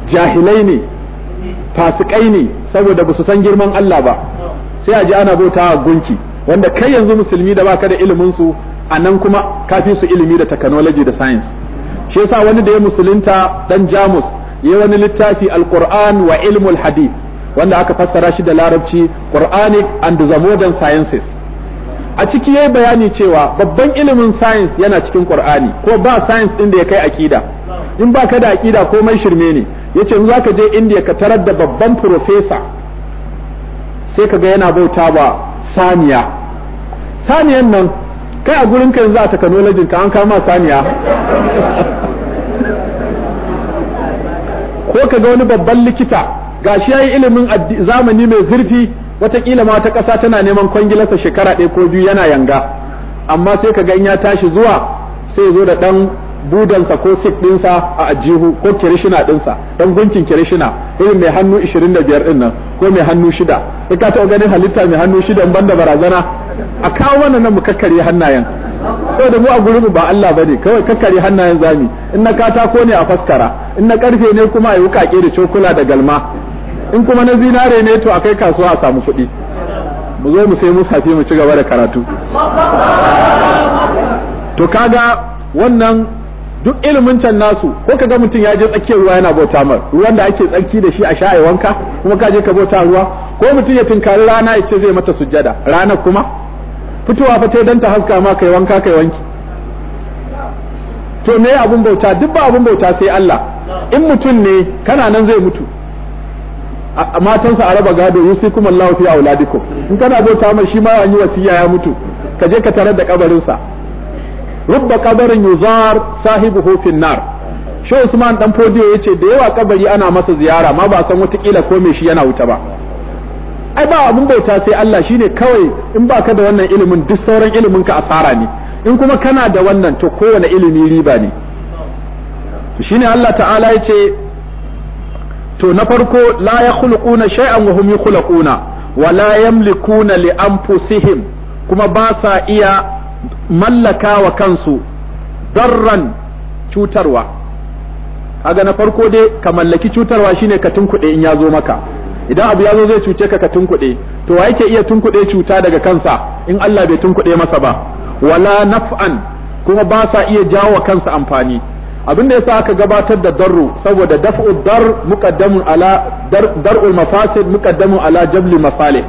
jahilai ne fasikai ne saboda ba su san girman Allah ba sai a ji ana bauta gunki wanda kai yanzu musulmi da baka da ilimin su a nan kuma kafi su ilimi da technology da science shi yasa wani da ya musulunta dan jamus ya wani littafi alquran wa ilmul hadith wanda aka fassara shi da larabci quranic and the modern sciences a ciki yayi bayani cewa babban ilimin science yana cikin qur'ani ko ba science din da ya kai akida in ba ka da akida komai shirme ne yace in zaka je india ka tarar da babban professor sai ka ga yana bauta ba saniya saniyan nan kai a gurin ka yanzu a technology ka an kama saniya [LAUGHS] ko kaga wani babban likita gashi yayi ilimin zamani mai zurfi watakila ma ta kasa tana neman kwangilarsa shekara ɗaya ko biyu yana yanga amma sai ga in ya tashi zuwa sai zo da ɗan budansa ko sik dinsa a ajihu ko kirishina dinsa dan gunkin kirishina irin mai hannu 25 din nan ko mai hannu shida sai ka taɓa ganin halitta mai hannu shida banda barazana a kawo wannan nan mu kakkare hannayen da mu a gurin ba Allah bane kawai kakkare hannayen zami in na katako ne a faskara in na karfe ne kuma a yi wukake da cokula da galma in kuma na zinare ne to akai kasuwa a samu kuɗi mu zo mu sai musafi mu ci gaba da karatu to kaga wannan duk ilimin can nasu ko ka ga mutum ya je tsakiyar ruwa yana bauta mar ruwan da ake tsarki da shi a sha wanka kuma ka je ka bauta ruwa ko mutum ya tinkari rana ya ce zai mata sujjada ranar kuma fitowa fa dan ta haska ma kai wanka kai wanki to me abun bauta duk ba abun bauta sai Allah in mutum ne kana nan zai mutu matansa a raba gado yusikum kuma fi auladikum in kana bauta mai shi ma an wasiya ya mutu ka je ka tarar da kabarinsa rubba kabarin yuzar sahibu hufin nar shi Usman dan fodiyo ya ce da yawa kabari ana masa ziyara ma ba san kila ko me shi yana wuta ba ai ba abun bauta sai Allah shine kawai in ba ka da wannan ilimin duk sauran ilimin ka asara ne in kuma kana da wannan to kowane ilimi riba ne to shine Allah ta'ala ya ce to na farko la khuluquna shay'an wa hum yakhluquna wa la yamlikuna li anfusihim kuma ba sa iya mallaka wa kansu darran cutarwa kaga na farko dai ka mallaki cutarwa shine ka tunkuɗe in ya zo maka idan abu ya zo zai cuce ka ka tunkuɗe to wa yake iya tunkuɗe cuta daga kansa in Allah bai tunkuɗe masa ba wala naf'an kuma ba sa iya jawo kansa amfani abin da yasa aka gabatar da darru saboda daf'u dar muqaddamun ala dar'ul mafasid muqaddamun ala jabli masalih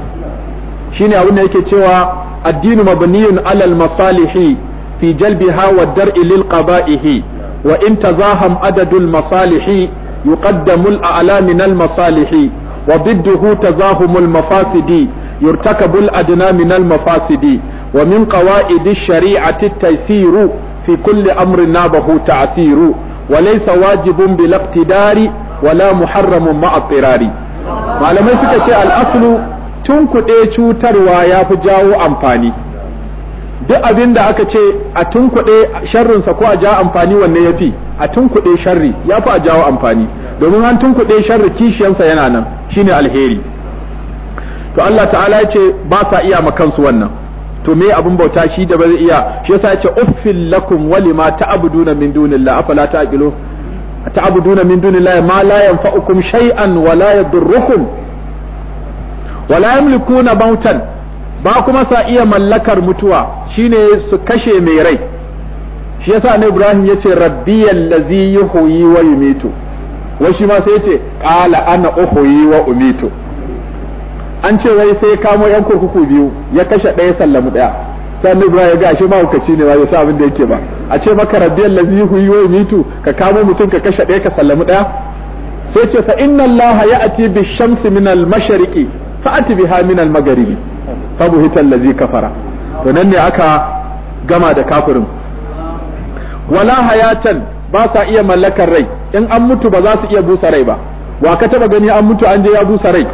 shine abin da yake cewa addinu mabniyun alal masalihi fi jalbiha wa dar'i lil qada'ihi wa in tazaham adadul masalihi yuqaddamu al a'la min masalihi wa bidduhu tazahumul mafasidi يرتكب الأدنى من المفاسد ومن قواعد الشريعة التيسير في كل أمر نابه تعسير وليس واجب بلا اقتدار ولا محرم مع اضطرار malamai suka ce al'aslu tun kuɗe cutarwa ya fi jawo amfani duk abin da aka ce a tun kuɗe sharrinsa ko a jawo amfani wanne ya fi a tun kuɗe sharri ya fi a jawo amfani domin an tun kuɗe sharri kishiyansa yana nan shine alheri to Allah ta'ala ya ce ba sa iya kansu wannan to me abin bauta shi da ba zai iya shi yasa ya ce uffil lakum walima ta'buduna min dunillahi afala ta'qilu ta'buduna min dunillahi ma la yanfa'ukum shay'an wa la yadurrukum wala yamlikuna mautan ba kuma sa iya mallakar mutuwa shine su kashe mai rai shi yasa na Ibrahim yace rabbi allazi yuhyi wa yumitu wai shi ma sai yace qala ana uhyi wa umitu an ce wai sai kamo yan kurkuku biyu ya kashe ɗaya sallamu ɗaya sai na Ibrahim ya ga shi ma hukaci ne ba ya sa abin da yake ba a ce maka rabbi allazi yuhyi wa yumitu ka kamo mutum ka kashe ɗaya ka sallamu ɗaya sai ce fa inna allaha ya'ti bi shamsi min al mashariqi fa'ati biha min al-magharibi fa buhita allazi kafara to nan ne aka gama da kafirin wala hayatan ba sa iya mallakar rai in an mutu ba za su iya busa rai ba wa ka taba gani an mutu an je ya busa rai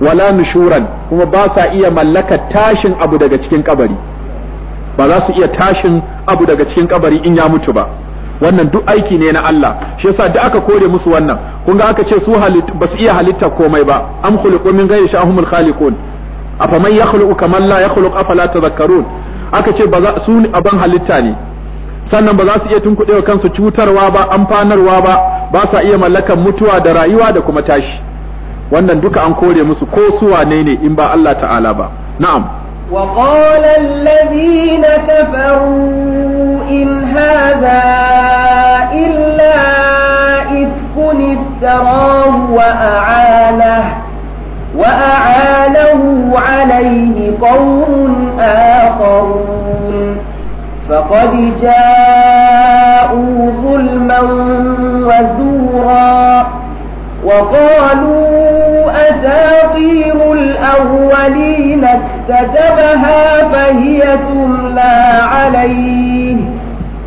wala nushuran kuma ba sa iya mallakar tashin abu daga cikin kabari ba za su iya tashin abu daga cikin kabari in ya mutu ba wannan duk aiki ne na Allah shi yasa duk aka kore musu wannan kun ga aka ce su ba su iya halitta komai ba am khuliqu min ghairi sha'humul khaliqun afa man yakhluqu kaman la yakhluqu afala tadhakkarun aka ce ba za su aban halitta ne sannan ba za su iya wa kansu cutarwa ba amfanarwa ba ba sa iya mallakan mutuwa da rayuwa da kuma tashi wannan duka an kore musu ko su wane ne in ba Allah ta'ala ba na'am وقال الذين كفروا إن هذا إلا إفك افتراه وأعانه وأعانه عليه قوم آخرون فقد جاءوا ظلما وزورا وقالوا أساطير الأولين اكتتبها فهي تملى عليه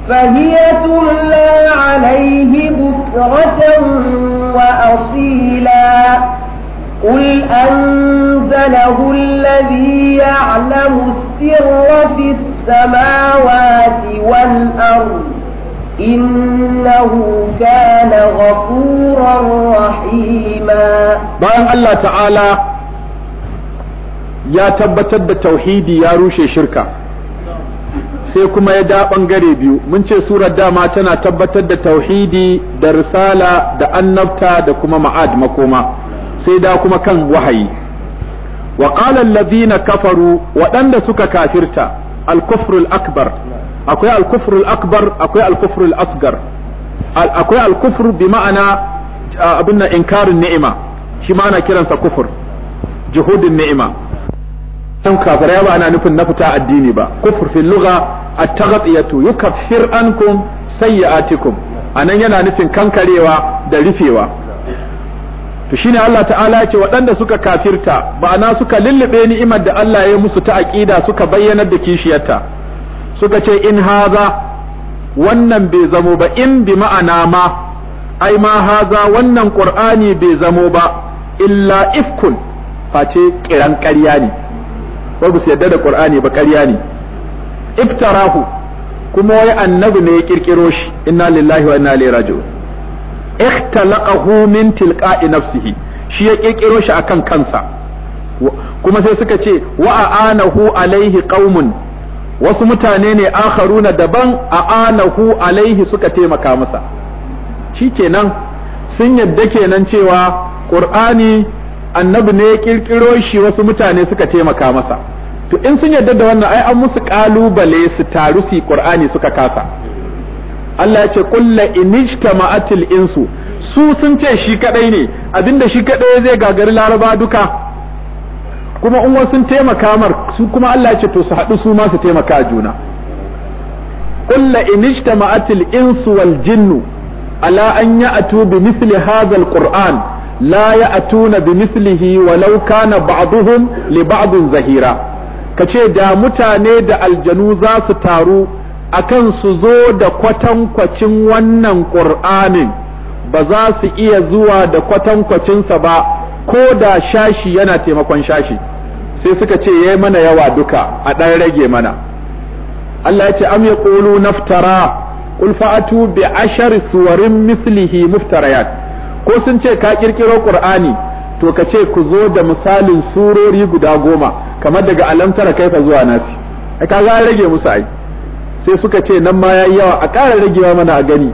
فهي تملى عليه بكرة وأصيلا قل أنزله الذي يعلم السر في السماوات والأرض innahu kana ghafuran rahima bayan Allah ta'ala ya tabbatar da tauhidi ya rushe shirka sai kuma ya da bangare biyu mun ce surar dama tana tabbatar da tauhidi da risala da annabta da kuma ma'ad makoma sai da kuma kan wahayi wa qala allazina kafaru waɗanda suka kafirta al-kufrul akbar akwai al akbar akwai al asgar akwai al-kufr bi ma'ana abin nan inkarin ni'ima shi ma kiransa kufur juhudin ni'ima san ya ba ana nufin na fita addini ba kufur fil lugha at-taghtiyatu yukaffir ankum sayyi'atikum anan yana nufin kankarewa da rufewa to shine Allah ta'ala ya ce waɗanda suka kafirta ba'ana suka lullube ni'imar da Allah ya musu ta aqida suka bayyana da kishiyarta suka ce in haza wannan bai zamo ba in bi ma'ana ma ai ma haza wannan qur'ani bai zamo ba illa ifkun face kiran ƙarya ne ba su yadda da qur'ani ba ƙarya ne iftarahu kuma wai annabi ne ya kirkiro shi inna lillahi wa inna ilaihi raji'un ikhtalaqahu min tilqa'i nafsihi shi ya kirkiro shi akan kansa kuma sai suka ce wa a'anahu alaihi qaumun wasu mutane ne akharuna daban a anahu alaihi suka taimaka masa shikenan sun yadda kenan cewa qur'ani annabi ne kirkiro shi wasu mutane suka taimaka masa to in sun yadda da wannan ai an musu kalubale su taru su qur'ani suka kasa Allah ya ce qul inijtama'atil insu su sun ce shi kadai ne abinda shi kadai zai gagari laraba duka kuma in wasu taimaka mar su kuma Allah ya ce to su haɗu su ma su taimaka juna قل إن اجتمعت الإنس والجن على أن kur'an بمثل هذا القرآن لا يأتون بمثله ولو كان بعضهم لبعض زهيرا kace da mutane da aljanu za su taru akan su zo da kwatankwacin wannan ƙur'anin ba za su iya zuwa da kwatankwacinsa ba ko da shashi yana taimakon shashi sai suka ce yayi mana yawa duka a ɗan rage mana Allah ya ce am yaqulu naftara qul fa'atu bi ashar suwarin mislihi muftarayat ko sun ce ka kirkiro qur'ani to ka ce ku zo da misalin surori guda goma kamar daga alamtara kaifa zuwa nasi ai ka an rage musu ai sai suka ce nan ma yayi yawa a ƙara ragewa mana a gani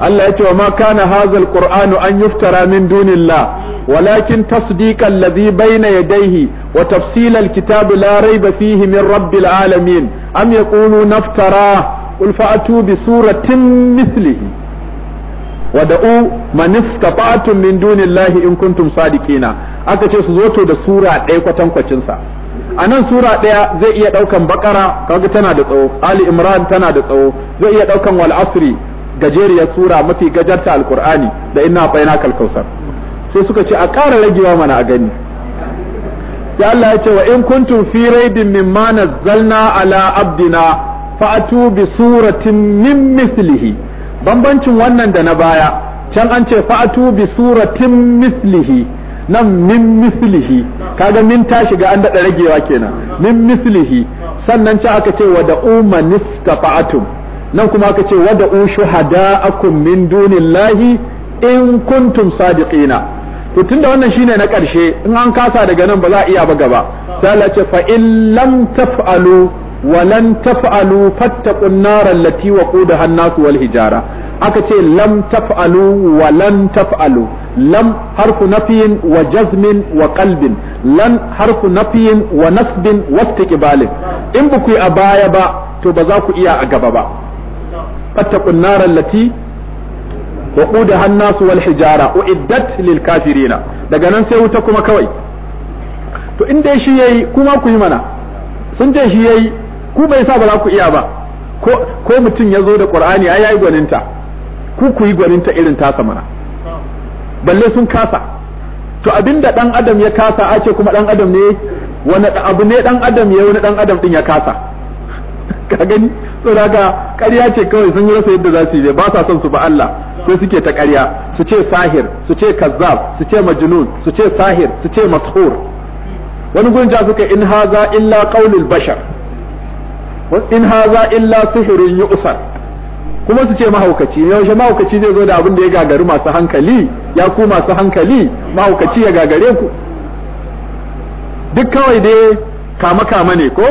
Allah ya ce wa ma kana hazal qur'anu an yuftara min dunillah ولكن تصديق الذي بين يديه وتفصيل الكتاب لا ريب فيه من رب العالمين أم يقولون افتراه قل فأتوا بسورة مثله wada'u man istata'tum min dunillahi in kuntum sadiqina aka ce su zo to da sura ɗaya kwatankwacin sa a nan sura ɗaya zai iya ɗaukan bakara kaga tana da tsawo ali imran tana da tsawo zai iya ɗaukan wal'asiri gajeriyar sura mafi gajarta alqur'ani da inna bainakal kausar sai suka ce a ƙara ragewa mana a gani sai Allah ya ce wa in kuntum fi raibin ma nazzalna ala abdina fa'atu bi suratin min mislihi bambancin wannan da na baya can an ce fa'atu bi suratin mislihi nan min mislihi kaga min ta shiga an daɗa ragewa kenan min mislihi sannan ce aka ce wa da umanistafa'atum nan kuma aka ce wa da akum min dunillahi in kuntum sadiqina to tunda wannan shine na ƙarshe in an kasa daga nan ba za a iya ba gaba sai Allah ce fa in lam taf'alu wa lan taf'alu fattaqun nar allati waqudaha an-nas wal hijara aka ce lam taf'alu wa lan taf'alu lam harfu nafiyin wa jazmin wa qalbin lan harfu nafiyin wa nasbin wa istiqbalin in ba ku yi a baya ba to ba za ku iya a gaba ba fattaqun nar allati wa quda hannasu wal hijara uiddat lil kafirina daga nan sai wuta kuma kawai to in dai shi yayi kuma ku yi mana sun ce shi yayi ku bai sa ba za ku iya ba ko ko mutum ya zo da qur'ani ai yayi gwaninta ku ku yi gwaninta irin tasa mana balle sun kasa to abinda dan adam ya kasa ake kuma dan adam ne wani abu ne dan adam ya wani dan adam din ya kasa ka gani saboda ƙarya ce kawai sun yi rasa yadda za su yi ba sa son su ba Allah sai suke ta ƙarya su ce sahir su ce kazzab su ce majnun su ce sahir su ce mashur wani gurin ja suka in haza illa qaulul bashar in haza illa sihrun yu'sar kuma su ce mahaukaci yaushe mahaukaci zai zo da abin da ya gagari masu hankali ya ku masu hankali mahaukaci ya gagare ku duk kawai dai kama kama ne ko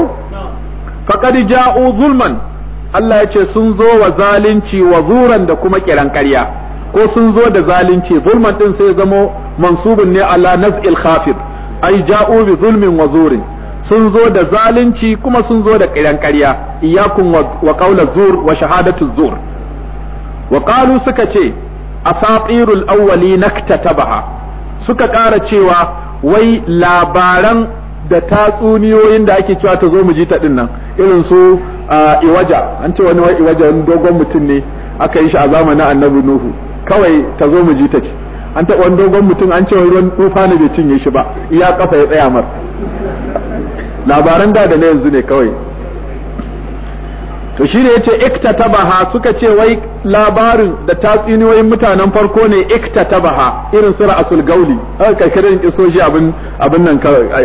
faqad ja'u zulman Allah ya ce sun zo wa zalunci wa zuran da kuma kiran ƙarya ko sun zo da zalunci zulman din sai zamo mansubun ne ala naz'il khafid ai ja'u bi zulmin wa zurin sun zo da zalunci kuma sun zo da kiran ƙarya iyakun wa qawla zur wa shahadatu zur wa qalu suka ce asatirul awwali naktatabaha suka ƙara cewa wai labaran da tatsuniyoyin da ake cewa ta zo mu ji ta din nan irin su iwaja an ce wani iwaja wani dogon mutum ne aka yi shi a zamanin annabi nuhu kawai ta zo mu ji ta ci an taɓa wani dogon mutum an ce ruwan tufa ne bai cinye shi ba iya kafa ya tsaya mar labaran da da na yanzu ne kawai to shine yace iktatabaha suka ce wai labarin da tatsuniyoyin mutanen farko ne iktatabaha irin sura asul gauli kai kirin shi abin abin nan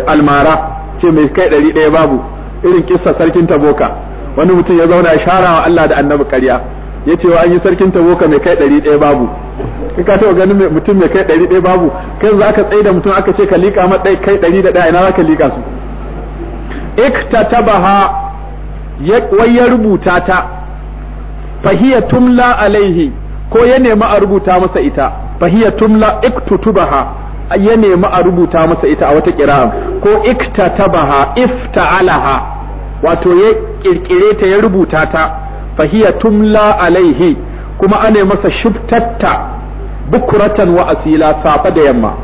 almara ce mai kai ɗari ɗaya babu irin kissa sarkin taboka wani mutum ya zauna ya shara wa Allah da annabi ƙarya ya ce wa an yi sarkin taboka mai kai ɗari ɗaya babu kai ka taɓa ganin mutum mai kai ɗari ɗaya babu kai za ka tsaye da mutum aka ce ka liƙa mai kai ɗari da ɗaya ina za ka liƙa su iktatabaha wai ya rubuta ta fahiya tumla alaihi ko ya nemi a rubuta masa ita fahiya tumla iktutubaha ya nemi a rubuta masa ita a wata kira ko iktatabaha ifta'alaha wato ya kirkire ta ya rubuta ta fahiya tumla alaihi kuma ane masa shubtatta bukuratan wa asila safa da yamma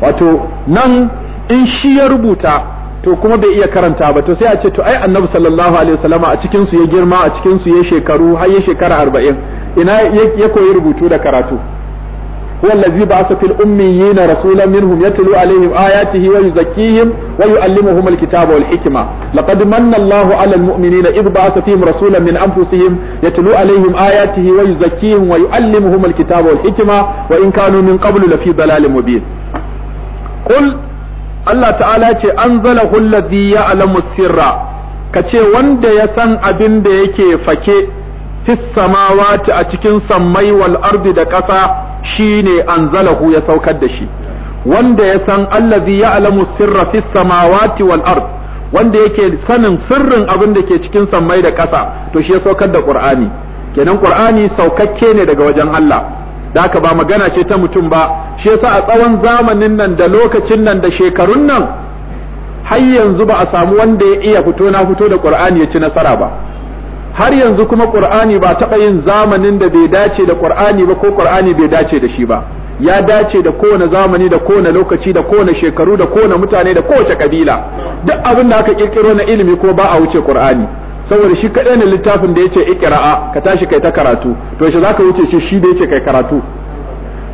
wato nan in shi ya rubuta to kuma bai iya karanta ba to sai a ce to ai annabi sallallahu alaihi wasallama a cikin su ya girma a cikin su ya shekaru har ya shekara arba'in ina ya koyi rubutu da karatu wallazi ba'atha fil ummiyina rasulan minhum yatlu alaihim ayatihi wa yuzakkihim wa yuallimuhum alkitaba wal hikma laqad manna Allahu 'alal mu'minina idh ba'atha fihim rasulan min anfusihim yatlu alaihim ayatihi wa yuzakkihim wa yuallimuhum alkitaba wal hikma wa in kanu min qablu lafi dalalin mubin qul Allah ta'ala ce an zala hullazi ya alamu sirra ka ce wanda ya san abin da yake fake fis a cikin sammai wal ardi da ƙasa shine an zalahu ya saukar da shi wanda ya san allazi ya alamu sirra fis wal ard wanda yake sanin sirrin abin da ke cikin sammai da ƙasa to shi ya saukar da ƙur'ani. kenan ƙur'ani saukakke ne daga wajen Allah da haka ba magana ce ta mutum ba shi yasa a tsawon zamanin nan da lokacin nan da shekarun nan har yanzu ba a samu wanda ya iya fito na fito da Qur'ani ya ci nasara ba har yanzu kuma Qur'ani ba taɓa yin zamanin da bai dace da Qur'ani ba ko Qur'ani bai dace da shi ba ya dace da kowane zamani da kowane lokaci da kowane shekaru da kowane mutane da kowace kabila duk abin da aka kirkiro na ilimi ko ba a wuce Qur'ani saboda shi kaɗai ne littafin da yace ikira'a ka tashi kai ta karatu to shi zaka wuce shi shi da yace kai karatu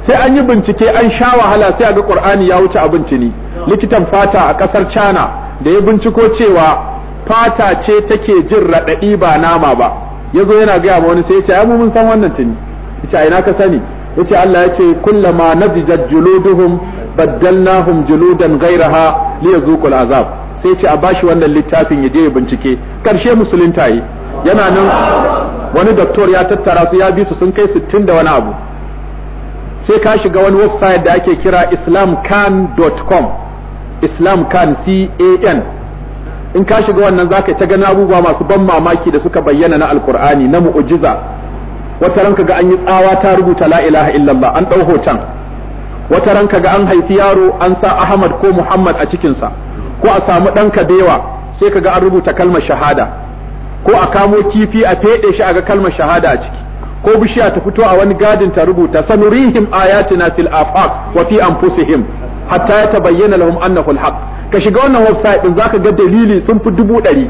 sai an yi bincike an sha wahala sai a ga qur'ani ya wuce abinci ne likitan fata a kasar China da ya binciko cewa fata ce take jin raɗaɗi ba nama ba yazo yana gaya ma wani sai ya ce ai mu mun san wannan tuni ya ce Ina ka sani yace Allah ya yace kullama nadijat juluduhum baddalnahum juludan ghayraha liyazuqul azab sai ce a bashi wannan littafin ya je ya bincike karshe musulunta yi yana nan wani doktor ya tattara su ya bi su sun kai sittin da wani abu sai ka shiga wani website da ake kira islamcan.com islamcan c-a-n in ka shiga wannan za zaka ta gani abubuwa masu ban mamaki da suka bayyana na alkur'ani na mu'ujiza wata ranka ga an yi tsawa ta rubuta la ilaha illallah an ɗau hoton wata ranka ga an haifi yaro an sa ahmad ko muhammad a cikinsa ko a samu ɗan kabewa sai ka ga an rubuta kalmar shahada ko a kamo kifi a feɗe shi a ga kalmar shahada a ciki ko bishiya ta fito a wani gadin ta rubuta sanurihim ayatina fil afaq wa fi anfusihim hatta ya tabayyana lahum annahu alhaq ka shiga wannan website din zaka ga dalili sun fi dubu ɗari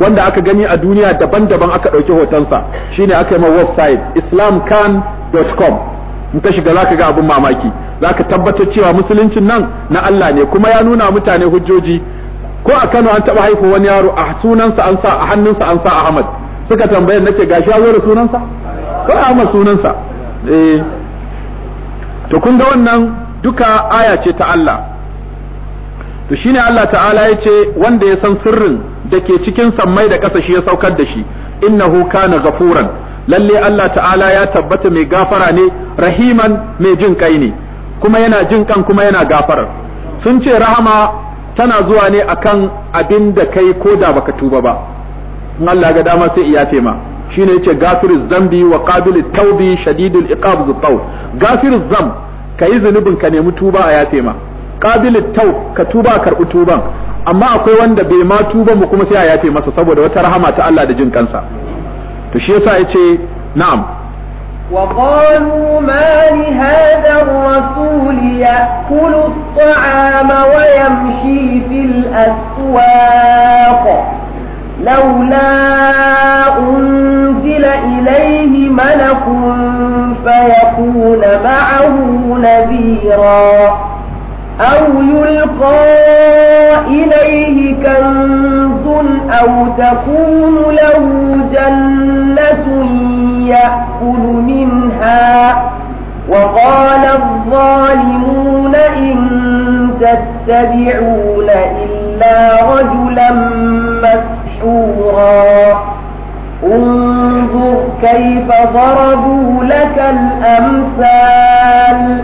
wanda aka gani a duniya daban-daban aka ɗauki hotonsa shine aka yi ma website islamcan.com in ka shiga zaka ga abin mamaki zaka tabbatar cewa musuluncin nan na Allah ne kuma ya nuna mutane hujjoji ko a Kano an taba haifu wani yaro a sunansa an sa a hannunsa an sa Ahmad suka tambayar nace gashi ya zo sunansa ko Ahmad sunansa eh to kun ga wannan duka aya ce ta Allah to shine Allah ta'ala ya ce wanda ya san sirrin da ke cikin sammai da ƙasa shi ya saukar da shi innahu kana ghafuran lalle Allah ta'ala ya tabbata mai gafara ne rahiman mai jin kai ne kuma yana jin kan kuma yana gafarar sun ce rahama tana zuwa ne akan abin da kai ko da baka tuba ba in Allah ga dama sai iya ma shine yace gafiruz zambi wa qabilu tawbi shadidul iqab zu taw gafiruz zam kai zunubin ka nemi tuba a yafe ma qabilu taw ka tuba karbi tuban amma akwai wanda bai ma tuba mu kuma sai a yafe masa saboda wata rahama ta Allah da jin kansa to shi yasa yace na'am وقالوا ما لهذا الرسول يأكل الطعام ويمشي في الأسواق لولا أنزل إليه ملك فيكون معه نذيرا أو يلقى إليه كنز أو تكون له جنة يأكل منها وقال الظالمون إن تتبعون إلا رجلا مسحورا انظر كيف ضربوا لك الأمثال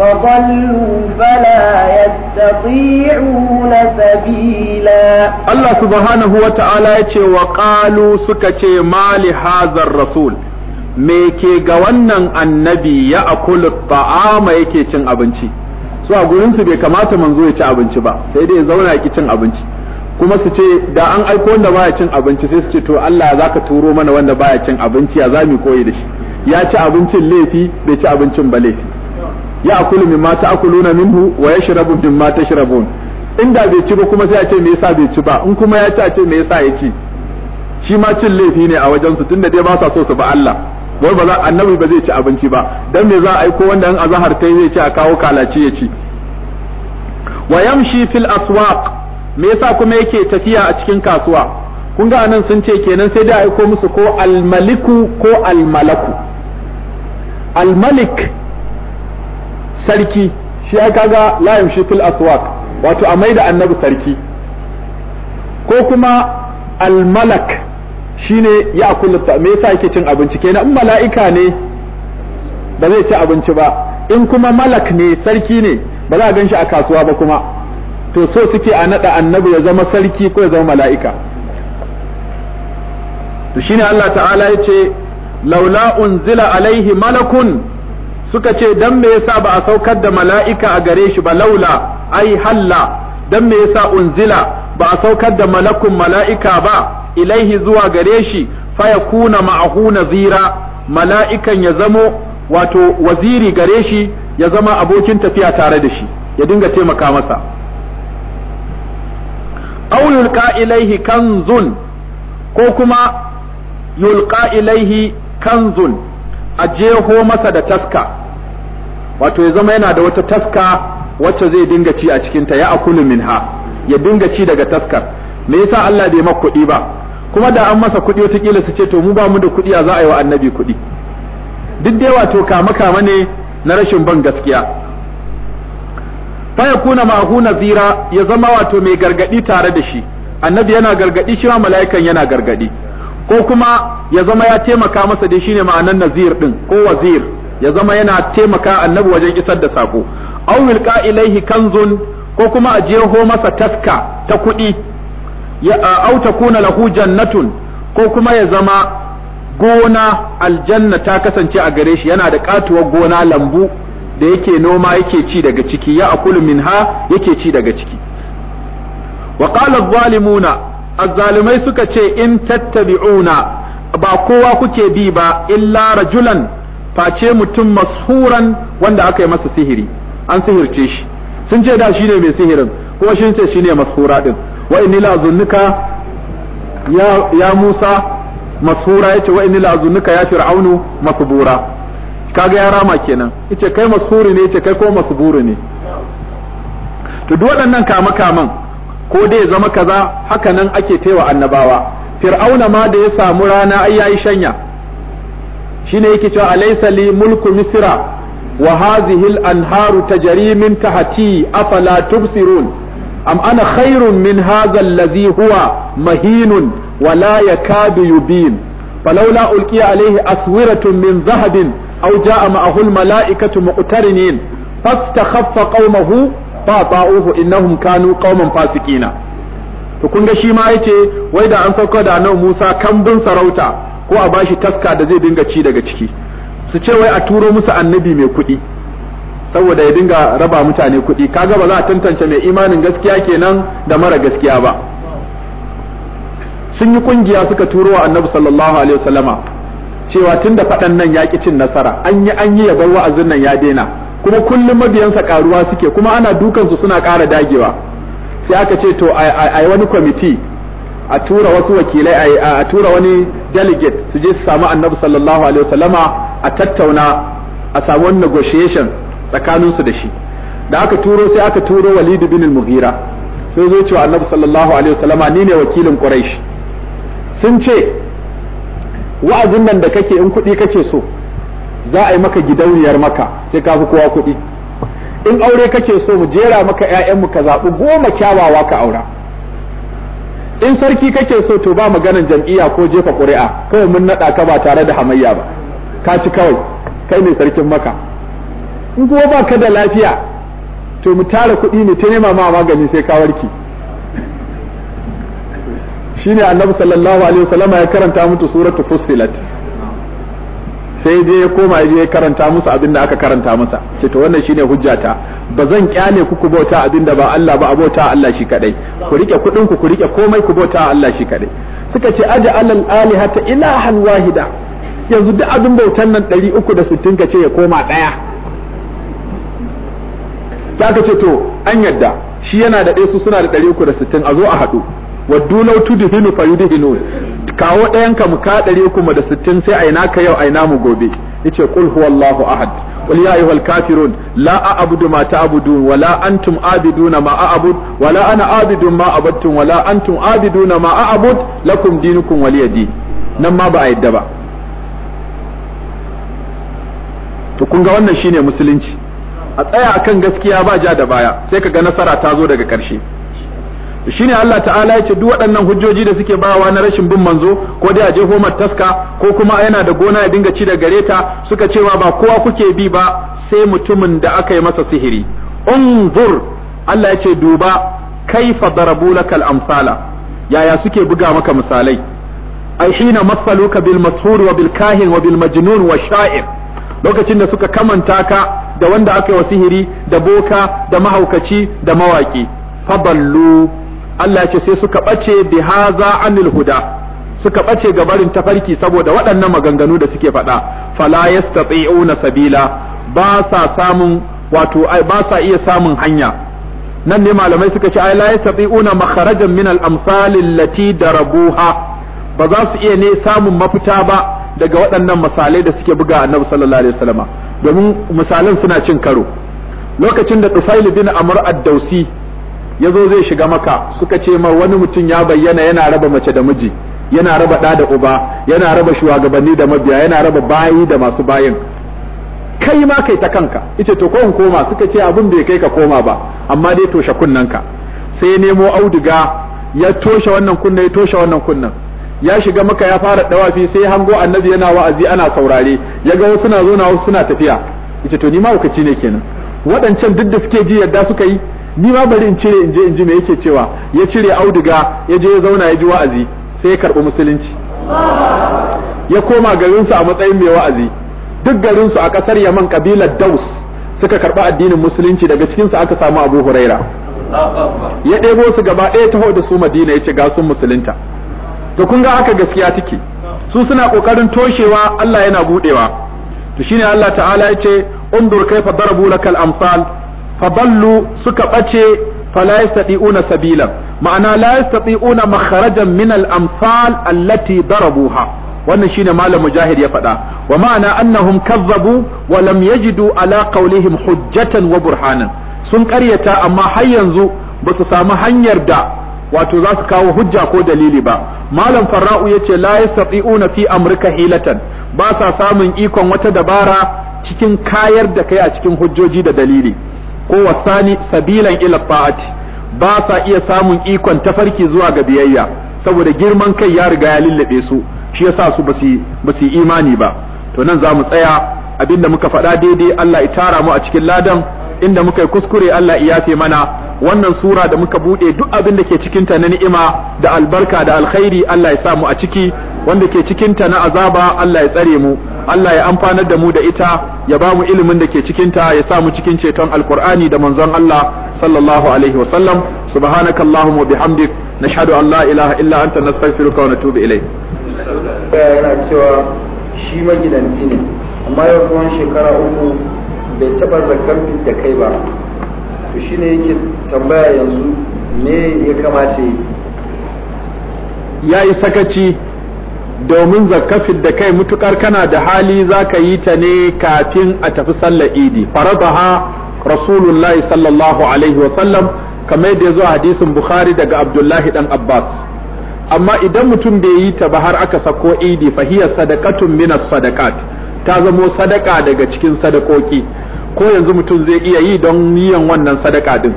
فضلوا subhanahu يستطيعون ta'ala ya سبحانه وتعالى ce وقالوا سكتي ما hazar Rasul. me ke ga wannan annabi ya akulu ta'ama yake cin abinci su a gurinsu bai kamata manzo ya ci abinci ba sai dai ya zauna ki cin abinci kuma su ce da an aiko wanda baya cin abinci sai su ce to Allah za ka turo mana wanda baya cin abinci ya za mu koyi da shi ya ci abincin laifi bai ci abincin ba laifi ya'kulu mimma ta'kuluna minhu wa yashrabu mimma tashrabun inda bai ci ba kuma sai a ce me yasa bai ci ba in kuma ya ci a ce me yasa ya shi ma cin laifi ne a wajen su tunda dai ba sa so su ba Allah wai ba za annabi ba zai ci abinci ba dan me za a aiko wanda in azhar kai zai ci a kawo kalaci ya ci wa yamshi fil aswaq me yasa kuma yake tafiya a cikin kasuwa kun ga anan sun ce kenan sai dai aiko musu ko al-maliku ko al-maliku al-malik. sarki shi ya kaga la yamshi fil aswaq wato a maida annabi sarki ko kuma al malak shine ya akulu me yasa yake cin abinci kenan in mala'ika ne ba zai ci abinci ba in kuma malak ne sarki ne ba za a gan shi a kasuwa ba kuma to so suke a naɗa annabi ya zama sarki ko ya zama mala'ika to shine Allah ta'ala ya ce laula unzila alaihi malakun suka ce dan me yasa ba a saukar da mala'ika a gare shi ba laula ai halla dan me yasa unzila ba a saukar da malakun mala'ika ba ilaihi zuwa gare shi fa yakuna ma'ahu nazira mala'ikan ya zamo wato waziri gare shi ya zama abokin tafiya tare da shi ya dinga taimaka masa aw yulqa ilaihi kanzun ko kuma yulqa ilaihi kanzun a jeho masa da taska wato ya zama yana da wata taska wacce zai dinga ci a cikinta ya akulu ha ya dinga ci daga taskar me yasa Allah bai maka kuɗi ba kuma da an masa kuɗi wataƙila su ce to mu ba mu da kuɗi a za a yi wa annabi kuɗi duk dai wato kama kama ne na rashin ban gaskiya fa yakuna ma'ahu nazira ya zama wato mai gargadi tare da shi annabi yana gargadi shi ma mala'ikan yana gargadi ko kuma ya zama ya taimaka masa dai shine ma'anan nazir din ko wazir ya zama yana taimaka annabi wajen isar da sako aw wilqa ilaihi kanzun ko kuma a jeho masa taska ta kuɗi ya aw takuna lahu jannatun ko kuma ya zama gona aljanna ta kasance a gare shi yana da katuwar gona lambu da yake noma yake ci daga ciki ya akulu minha yake ci daga ciki wa qala adh-dhalimuna azzalimai suka ce in tattabi'una ba kowa kuke bi ba illa rajulan face mutum mashuran wanda aka yi masa sihiri an sihirce shi sun ce da shi ne mai sihirin kuma shi ce shi ne mashura din wa inni la ya Musa mashura yace wa inni la ya Fir'aunu masbura kaga ya rama kenan yace kai mashuri ne yace kai ko masburu ne to duk waɗannan kama kaman ko dai zama kaza haka nan ake wa annabawa fir'auna ma da ya samu rana ai yayi shanya shine yake cewa alaysa li mulku misra wa hadhihi al-anharu tajri min tahti afala tubsirun am ana khairun min hadha alladhi huwa mahinun wa la yakadu yubin falawla ulqiya alayhi aswiratun min dhahabin aw jaa ma'ahu al-mala'ikatu muqtarinin fastakhaffa qaumahu fa ta'uhu innahum kanu qauman fasikina to kun ga shi ma yace wai da an sauka da annabi Musa kambun sarauta ko a bashi taska da zai dinga ci daga ciki su ce wai a turo musu annabi mai kuɗi saboda ya dinga raba mutane kuɗi kaga ba za a tantance mai imanin gaskiya kenan da mara gaskiya ba sun yi kungiya suka turo wa annabi sallallahu alaihi wasallama cewa tunda faɗan nan ya cin nasara an yi an yi ya bar wa'azin nan ya daina kuma kullum mabiyansa karuwa suke kuma ana dukansu suna ƙara dagewa sai aka ce to ai wani kwamiti a tura wasu wakilai a tura wani delegate su je su samu annabi sallallahu alaihi wasallama a tattauna a samu wani negotiation tsakanin su da shi da aka turo sai aka turo walid bin al-mughira sai zo cewa annabi sallallahu alaihi wasallama ni ne wakilin quraish sun ce wa'azin nan da kake in kuɗi kake so za a yi maka gidauniyar maka sai kafi kowa kuɗi in aure kake so mu jera maka mu ka zaɓi goma kyawawa ka aura in sarki kake so to ba maganan jam'iyya ko jefa ƙuri'a kawai mun naɗa ka ba tare da hamayya ba ka ci kawai kai ne sarkin maka in kuma ba ka da lafiya to mu tara kuɗi ne ta nema magani sai ka warki shine annabi sallallahu alaihi wasallama ya karanta mutu suratu fussilat sai je ya koma ya je ya karanta musu abin da aka karanta masa ce to wannan shine hujjata ba zan kyale ku ku bauta abin da ba Allah ba abota Allah shi kadai ku rike kudin ku ku rike komai ku bauta Allah shi kadai suka ce aja alal alihata ilahan wahida yanzu duk abin bautan nan 360 ka ce ya koma daya ka ce to an yadda shi yana da ɗaya su suna da 360 a zo a haɗu hinu law tudhinu hinu kawo ɗayan ka mu ka ɗari uku da sittin sai aina ka yau aina mu gobe yace qul huwallahu ahad qul ya ayyuhal kafirun la a'budu ma ta'budun wala antum abiduna ma a'bud wala ana abidun ma abattum wala antum abiduna ma a'bud lakum dinukum waliyadi nan ma ba a yadda ba to kun ga wannan shine musulunci a tsaya akan gaskiya ba ja da baya sai ka ga nasara ta zo daga ƙarshe shine Allah ta'ala ya ce duk waɗannan hujjoji da suke bawa na rashin bin manzo ko dai aje homar taska ko kuma yana da gona ya dinga ci da gareta suka cewa ba kowa kuke bi ba sai mutumin da aka yi masa sihiri unzur Allah ya ce duba kaifa darabu lakal amsala yaya suke buga maka misalai ai hina masaluka bil mashur wa bil kahin wa bil majnun wa sha'ir lokacin da suka kamanta ka da wanda aka yi wa sihiri da boka da mahaukaci da mawaki fadallu Allah ce sai suka ɓace bi haza anil huda suka ɓace ga barin tafarki saboda waɗannan maganganu da suke faɗa fala yastati'una sabila ba sa samun wato ba sa iya samun hanya nan ne malamai suka ce ai la yastati'una makharajan min al amsal allati darabuha ba za su iya ne samun mafita ba daga waɗannan misalai da suke buga annabi sallallahu alaihi domin misalan suna cin karo lokacin da Tufail bin Amr ad-Dausi ya zo zai shiga maka suka ce ma wani mutum ya bayyana yana raba mace da miji yana raba ɗa da uba yana raba shugabanni da mabiya yana raba bayi da masu bayin kai ma kai ta kanka ita to ko in koma suka ce abin bai kai ka koma ba amma dai toshe ka sai nemo auduga ya toshe wannan kunna ya toshe wannan kunnan ya shiga maka ya fara dawafi sai hango annabi yana wa'azi ana saurare yaga wasu na zo na wasu suna tafiya ita to ni ma ne kenan waɗancan duk da suke ji yadda suka yi ni ma bari in cire in je in ji me yake cewa ya cire auduga ya je ya zauna ya ji wa'azi sai ya karɓi musulunci ya koma garinsu a matsayin mai wa'azi duk garinsu a ƙasar yaman kabilar daus suka karɓi addinin musulunci daga cikinsu aka samu abu huraira ya ɗebo su gaba ɗaya taho da su madina ya ce ga sun musulunta to kun ga aka gaskiya take su suna ƙoƙarin toshewa allah yana buɗewa to shine allah ta'ala ya ce undur kaifa darabu lakal amsal fadallu suka bace fala yastati'una sabila ma'ana la yastati'una makharajan min al-amsal allati darabuha wannan shine malam mujahid ya faɗa wa ma'ana annahun kazzabu wa lam yajidu ala hujjatan wa burhanan sun karyata amma har yanzu ba su samu hanyar da wato za su kawo hujja ko dalili ba malam farra'u ya yace la yastati'una fi amrika hilatan ba sa samun ikon wata dabara cikin kayar da kai a cikin hujjoji da dalili ko wasani sabilan ila ta'ati ba sa iya samun ikon tafarki zuwa ga biyayya saboda girman kai ya riga ya lullabe su shi yasa su basu su imani ba to nan zamu tsaya abinda muka faɗa daidai Allah ya tara mu a cikin ladan inda muka yi kuskure Allah ya yafe mana wannan sura da muka bude duk abin da ke cikin ta na ni'ima da albarka da alkhairi Allah ya sa mu a ciki wanda ke cikin ta na azaba Allah ya tsare mu Allah ya amfanar da mu da ita ya ba mu ilimin da ke cikin ta ya sa mu cikin ceton alkur'ani da manzon Allah sallallahu alaihi wa sallam subhanakallahumma wa bihamdik nashhadu an la ilaha illa anta nastaghfiruka wa natubu ilayk yana cewa shi magidanci ne amma yau kuma shekara uku bai taba zakar da kai ba to ne yake tambaya yanzu ne ya kamace ya yi sakaci domin zakafin da kai mutukar kana da hali za ka yi ta ne kafin a tafi sallar idi faradaha rasulullah sallallahu alaihi wasallam kamar da ya zo a hadisin bukhari daga abdullahi dan abbas amma idan mutum bai yi ta ba har aka sako idi fahiyar sadakatun minas Sadakat ta zamo sadaka daga cikin sadakoki ko yanzu mutum zai iya yi don niyan wannan sadaka din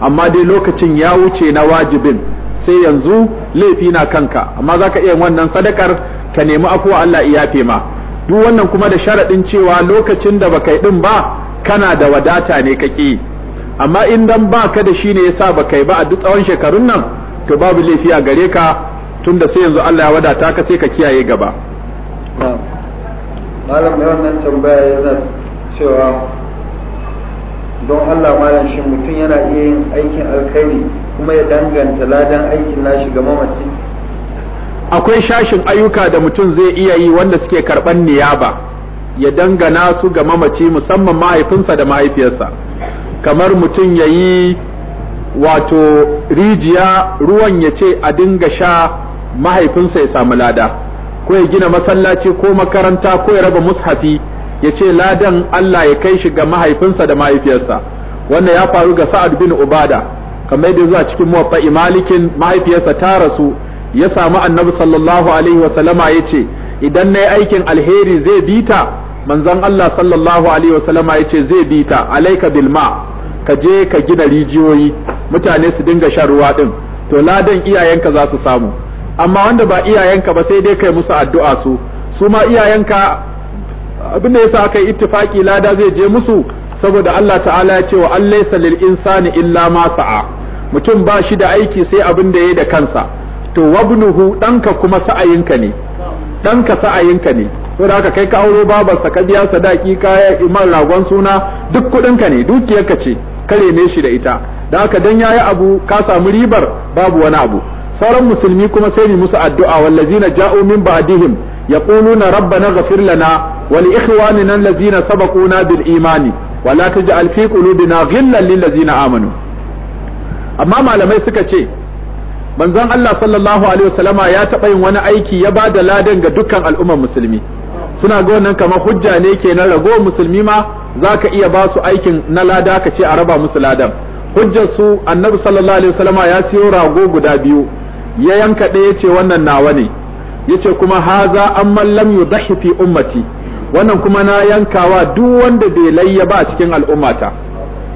amma dai lokacin ya wuce na wajibin sai yanzu laifi na kanka amma zaka iya wannan sadakar ka nemi afuwa Allah ya yafe ma duk wannan kuma da sharaɗin cewa lokacin da baka yi din ba kana da wadata ne ka kake amma in dan baka da shi ne yasa baka yi ba a duk tsawon shekarun nan to babu laifi a gare ka tunda sai yanzu Allah ya wadata ka sai ka kiyaye gaba malam mai wannan tambaya yana cewa don Allah malam shi mutum yana iya yin aikin alkhairi kuma ya danganta ladan aikin nashi ga mamaci akwai shashin ayyuka da mutum zai iya yi wanda suke karban niyaba ya dangana su ga mamaci musamman mahaifinsa da mahaifiyarsa kamar mutum ya yi wato rijiya ruwan ya ce a dinga sha mahaifinsa ya samu lada ko ya gina masallaci ko makaranta ko ya raba mushafi ya ce ladan Allah ya kai shi ga mahaifinsa da mahaifiyarsa wannan ya faru ga sa'ad bin ubada kamar da zuwa cikin muwaffa'i malikin mahaifiyarsa ta rasu ya samu annabi sallallahu alaihi wa sallama ya ce idan na yi aikin alheri zai bita manzon Allah sallallahu alaihi wa sallama ya ce zai bita alaika bilma ka je ka gina rijiyoyi mutane su dinga shan ruwa din to ladan iyayenka za su samu amma wanda ba iyayenka ba sai dai kai musu addu'a su su ma iyayenka abin da yasa aka yi ittifaki lada zai je musu saboda Allah ta'ala ya ce wa allaysa lil insani illa ma sa'a mutum ba shi da aiki sai abin da yi da kansa to wabnuhu danka kuma sa'ayinka ne danka sa'ayinka ne saboda haka kai ka auro babarsa ka biya sadaki kaya iman ragon suna duk kudinka ne dukiyarka ce kare ne shi da ita da haka dan yayi abu ka samu ribar babu wani abu sauran musulmi kuma sai ne musu addu'a wallazina ja'u min ba'dihim na yaquluna na ghfir lana wani li ikhwanina allazina sabaquna bil imani wa la taj'al fi qulubina ghillan lil ladzina amanu amma malamai suka ce manzon Allah sallallahu alaihi wasallama ya taɓa yin wani aiki ya ba da ladan ga dukkan al'umman musulmi suna ga wannan kamar hujja ne kenan rago musulmi ma zaka iya ba su aikin na lada ka ce a raba musu ladan hujjar su annabi sallallahu alaihi wasallama ya siyo rago guda biyu ya yanka ɗaya ce wannan nawa ne yace kuma haza an lam yudhi fi ummati wannan kuma na yankawa duk wanda bai layya ba a cikin al'ummata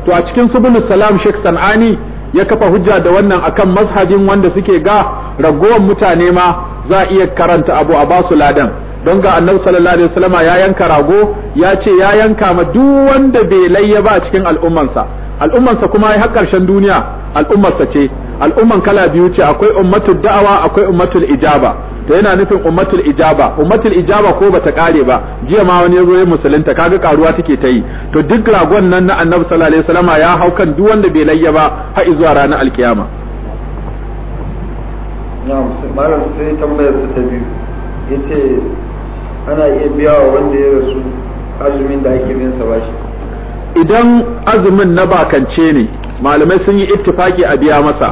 to a cikin subul salam Sheikh Sanani ya kafa hujja da wannan akan mazhabin wanda suke ga ragowar mutane ma za a iya karanta abu a basu ladan don ga annabi sallallahu alaihi wasallama ya yanka rago ya ce ya yanka ma duk wanda bai layya ba a cikin al'ummansa al'ummansa kuma har karshen duniya al'ummarsa ce al'umman kala biyu ce akwai ummatul da'awa akwai ummatul ijaba to yana nufin ummatul ijaba ummatul ijaba ko bata kare ba jiya ma wani yazo ya musulunta kaga karuwa take ta yi to duk ragon nan na annabi sallallahu alaihi wasallama ya hau kan duk wanda bai layya ba har zuwa ranar alkiyama na'am malam sai tambayar ta biyu yace ana iya biya wa wanda ya rasu azumin da ake bin sa bashi idan azumin na bakance ne malamai sun yi ittifaki a biya masa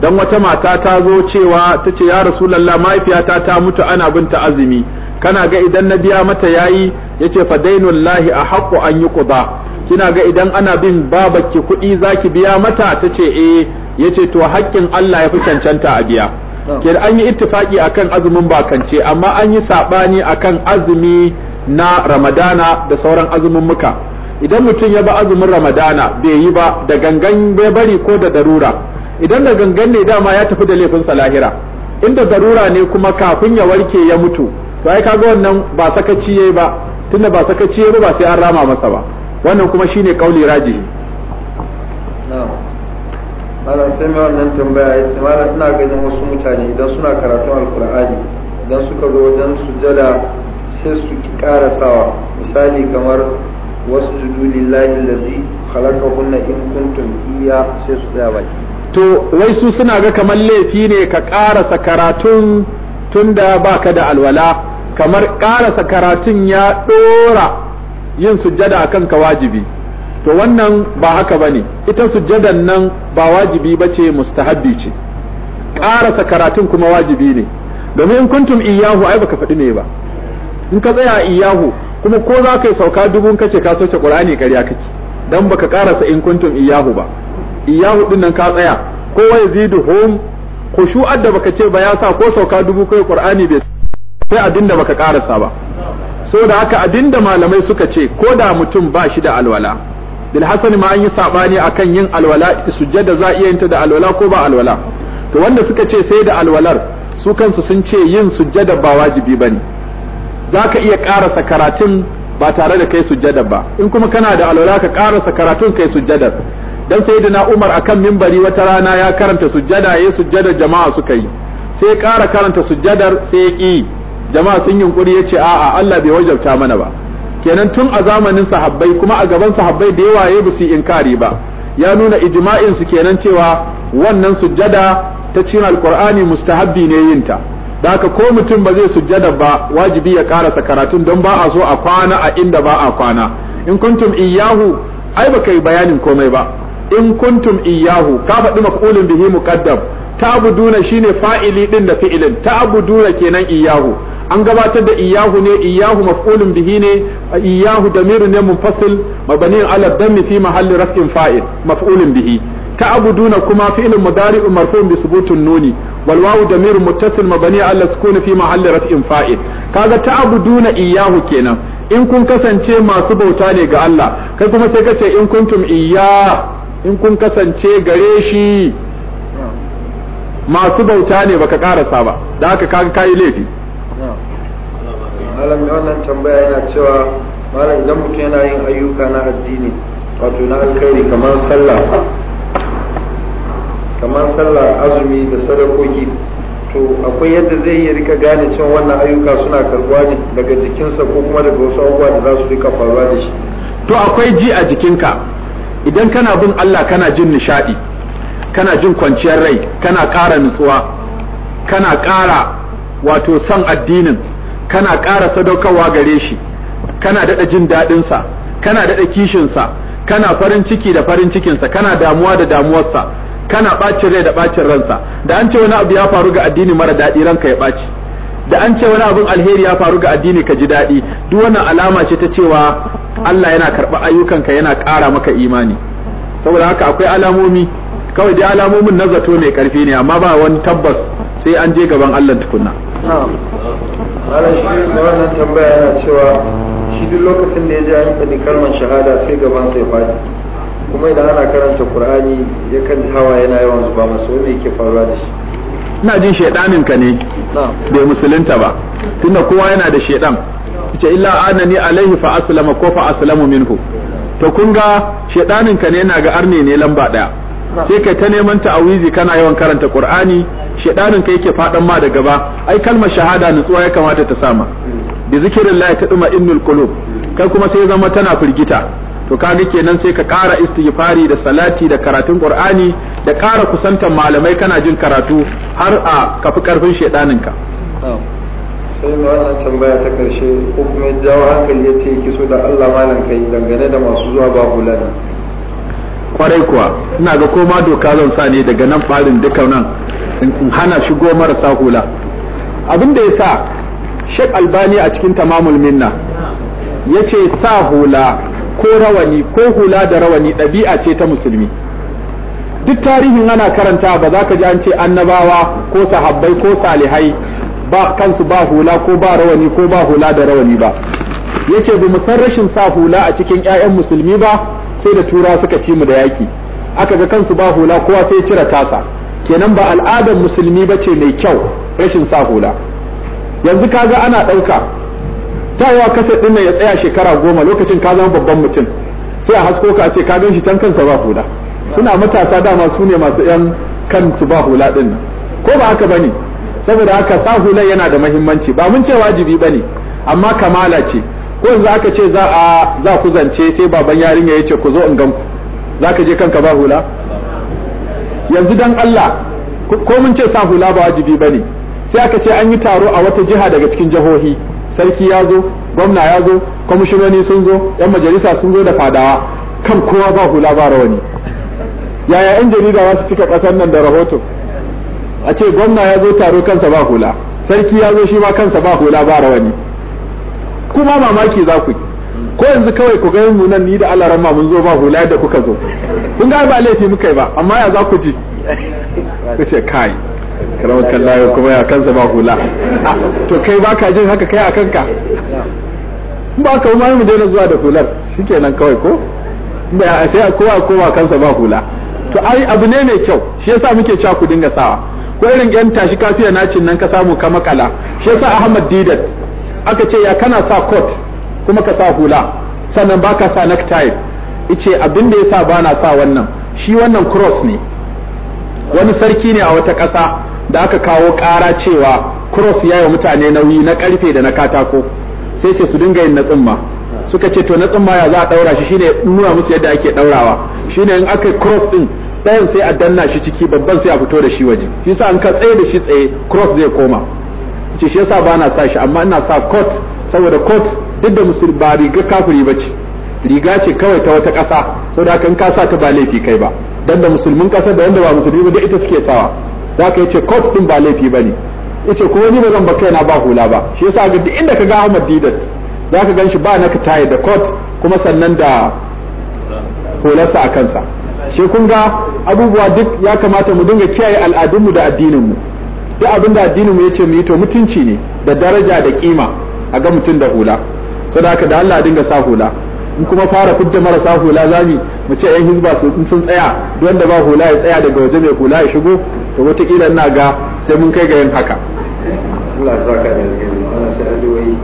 dan wata mata ta zo cewa ta ce ya rasulallah mahaifiyata ta mutu ana bin ta azumi kana ga idan na biya mata yayi yace fa dainul a haqqo an yuqda kina ga idan ana bin babakki kuɗi zaki biya mata tace eh yace to haƙƙin Allah ya fi cancanta a biya ke an yi ittifaki akan azumin bakance amma an yi sabani akan azumi na Ramadana da sauran azumin muka idan mutum ya ba azumin Ramadana bai yi ba da gangan bai bari ko da darura idan da gangan ne dama ya tafi da laifinsa lahira inda darura ne kuma kafin ya warke ya mutu to ai kaga wannan ba sakaci yayi ba tunda ba sakaci yayi ba sai an rama masa ba wannan kuma shine kauli na'am bala sai mai wannan tambaya ya ce ina ganin wasu mutane idan suna karatun alkur'ani idan suka zo wajen sujada sai su ki karasawa misali kamar wasu judu lillahi allazi khalaqahunna in kuntum iya sai su tsaya baki to wai su suna ga kamar laifi ne ka ƙarasa karatun tunda ka da alwala kamar ƙarasa karatun ya ɗora yin sujjada akan ka wajibi to wannan ba haka bane ita sujjadan nan ba wajibi bace mustahabbi ce ƙarasa karatun kuma wajibi ne domin in kuntum iyahu ai baka faɗi ne ba in ka tsaya iyahu kuma ko za ka yi sauka dubun kace ka soke qur'ani ƙarya kake dan baka ƙarasa in kuntum iyahu ba iyahu din nan ka tsaya ko wa yaziduhum khushu'ar da baka ce ba ya sa ko sauka dubu kai qur'ani bai sai abin baka karasa ba So da haka abin da malamai suka ce ko da mutum ba shi da alwala bil hasan ma an yi sabani akan yin alwala sujjada za iya yin ta da alwala ko ba alwala to wanda suka ce sai da alwalar su kansu sun ce yin sujjada ba wajibi bane zaka iya karasa karatun ba tare da kai sujjada ba in kuma kana da alwala ka karasa karatun kai sujjadar dan sayyidina Umar akan mimbari wata rana ya karanta sujjada ya sujjada jama'a suka yi sai ƙara karanta sujjadar sai ya jama'a sun yunkuri ya ce a'a Allah bai wajabta mana ba kenan tun a zamanin sahabbai kuma a gaban sahabbai da yawa ya busi inkari ba ya nuna ijma'in su kenan cewa wannan sujjada ta cin alqur'ani mustahabbi ne yinta. da haka ko mutum ba zai sujjada ba wajibi ya karasa karatun don ba a so a kwana a inda ba a kwana in kuntum iyahu. ai baka yi bayanin komai ba in kuntum iyyahu ka faɗi maf'ulin bihi muqaddam ta'buduna shine fa'ili din da fi'ilin ta'buduna kenan iyahu. an gabatar da iyahu ne iyahu maf'ulun bihi ne iyahu damiru ne munfasil mabani ala dammi fi mahalli raf'in fa'il maf'ulun bihi ta'buduna kuma fi'lun mudari'un marfu'un bi subutun nuni wal wawu damirun muttasil mabani ala sukun fi mahalli raf'in fa'il kaga ta'buduna iyahu kenan in kun kasance masu bauta ne ga Allah kai kuma sai kace in kuntum iyya in kun kasance gare shi masu bauta ne baka karasa ba da haka kaga kayi laifi malam wannan tambaya yana cewa malam idan mutum yana yin ayyuka na addini wato na alkhairi kamar sallah kamar sallah azumi da sadakoki to akwai yadda zai iya rika gane cewa wannan ayyuka suna karbuwa ne daga jikinsa ko kuma daga wasu abubuwa da za su rika faruwa da shi to akwai ji a jikinka idan kana bin Allah kana jin nishadi kana jin kwanciyar rai kana ƙara nutsuwa kana ƙara wato son addinin kana ƙara sadaukarwa gare shi kana daɗa jin daɗinsa kana daɗa kishinsa kana farin ciki da farin cikinsa kana damuwa da damuwarsa kana ɓacin rai da ɓacin ransa da an ce wani abu ya faru ga addini mara daɗi ranka ya ɓaci da an ce wani abin alheri ya faru ga addini ka ji daɗi duk wannan alama ce ta cewa Allah yana karba ayyukan ka yana ƙara maka imani saboda haka akwai alamomi kawai dai alamomin na zato mai ƙarfi ne amma ba wani tabbas sai an je gaban Allah tukunna malam shi da wannan tambaya yana cewa shi duk lokacin da ya ji an faɗi kalmar shahada sai gaban sai faɗi kuma idan ana karanta Qur'ani yakan hawa yana yawan zuba masa wanda yake faruwa da shi ina jin shaidanin ka ne bai musulunta ba tunda kowa yana da shaidan ce illa anani alaihi fa aslama ko fa aslamu minhu to kun ga shaidanin ka ne yana ga arne ne lamba daya sai kai ta neman ta'awizi kana yawan karanta qur'ani shaidanin ka yake fadan ma da gaba ai kalmar shahada nutsuwa ya kamata ta sama bi zikirin ta duma innul qulub kai kuma sai zama tana firgita to kaga kenan sai ka ƙara istighfari da salati da karatun qur'ani da ƙara kusantar malamai kana jin karatu har a kafi karfin shedaninka sai ma wannan tambaya ta karshe ko kuma jawo hankali ya ce ki so da Allah malam kai dangane da masu zuwa ba hulana kwarai kuwa ina ga koma doka zan sa ne daga nan farin duka nan in hana shigo marasa hula abin da ya sa Sheikh Albani a cikin tamamul minna ya ce sa hula ko rawani ko hula da rawani ɗabi'a ce ta musulmi duk tarihin ana karanta ba za ka ji an ce annabawa ko sahabbai ko salihai ba kansu ba hula ko ba rawani ko ba hula da rawani ba Ya ce bu san rashin sa hula a cikin 'ya'yan musulmi ba sai da tura suka ci mu da yaki aka ga kansu ba hula kowa sai cire tasa kenan ba al'adar musulmi ba ce mai kyau rashin sa hula yanzu kaga ana ɗauka ta wa kasar din nan ya tsaya shekara goma lokacin ka zama babban mutum sai a hasko ka ce ka gan shi can kansa ba hula suna matasa dama su ne masu yan kansu ba hula din nan ko ba haka bane saboda haka sa hula yana da muhimmanci ba mun ce wajibi bane amma kamala ce ko yanzu aka ce za a za ku zance sai baban yarinya ya ce ku zo in gan ku zaka je kanka ba hula yanzu dan Allah ko mun ce sa hula ba wajibi bane sai aka ce an yi taro a wata jiha daga cikin jihohi sarki ya zo gwamna ya zo kwamishinoni sun zo yan majalisa sun zo da fadawa kan kowa ba hula ba rawani yaya yan jarida za su cika ƙasar nan da rahoto a ce gwamna ya zo taro kansa ba hula sarki ya zo shi ma kansa ba hula ba rawani kuma mamaki za ku yi ko yanzu kawai ku ga mu nan ni da Allah ramma mun zo ba hula da kuka zo kun ga ba laifi muka yi ba amma ya za ku ji ku ce kai karamar kallayo kuma ya kansa ba hula ah, to kai ba ka jin haka kai a kanka ba ka ma mu daina zuwa da hular shikenan kawai ko ba sai kowa kowa kansa ba hula to ai abu ne mai kyau shi yasa muke cewa ku dinga sawa ko irin yan tashi kafiya nacin nan ka samu ka makala shi yasa Ahmad Didat aka ce ya kana sa coat kuma ka sa hula sannan ba ka sa necktie ice abin da yasa bana sa wannan shi wannan cross ne wani sarki ne a wata ƙasa da aka kawo ƙara cewa cross ya yi mutane nauyi na karfe da na katako sai ce su dinga yin na tsumma suka ce to na tsumma ya za a daura shi shine nuna musu yadda ake daurawa shine in aka cross din ɗayan sai a danna shi ciki babban sai a fito da shi waje shi sa an ka tsaye da shi tsaye cross zai koma ce shi yasa ba na sa shi amma ina sa coat saboda coat duk da musul ba riga kafiri bace riga ce kawai ta wata ƙasa saboda kan ka sa ta ba laifi kai ba dan da musulmin ƙasa da wanda ba musulmi ba da ita suke sawa ka yi ce coat din ba laifi ba ya ce kuma ni ba zan ba na ba hula ba shi yasa ga duk inda ka ga Ahmad Didat za ka ganshi ba na ka taya da kot kuma sannan da hularsa a kansa shi kun ga abubuwa duk ya kamata mu dinga kiyaye al'adunmu da addininmu duk abin da addininmu ya ce mu yi to mutunci ne da daraja da kima a ga mutum da hula saboda haka da Allah dinga sa hula in kuma fara fidda marasa hula zami mu ce yan hizba su sun tsaya da ba hula ya tsaya daga waje mai hula ya shigo to wataƙila ina ga sai mun kai ga yin haka Allah ya saka da Allah sai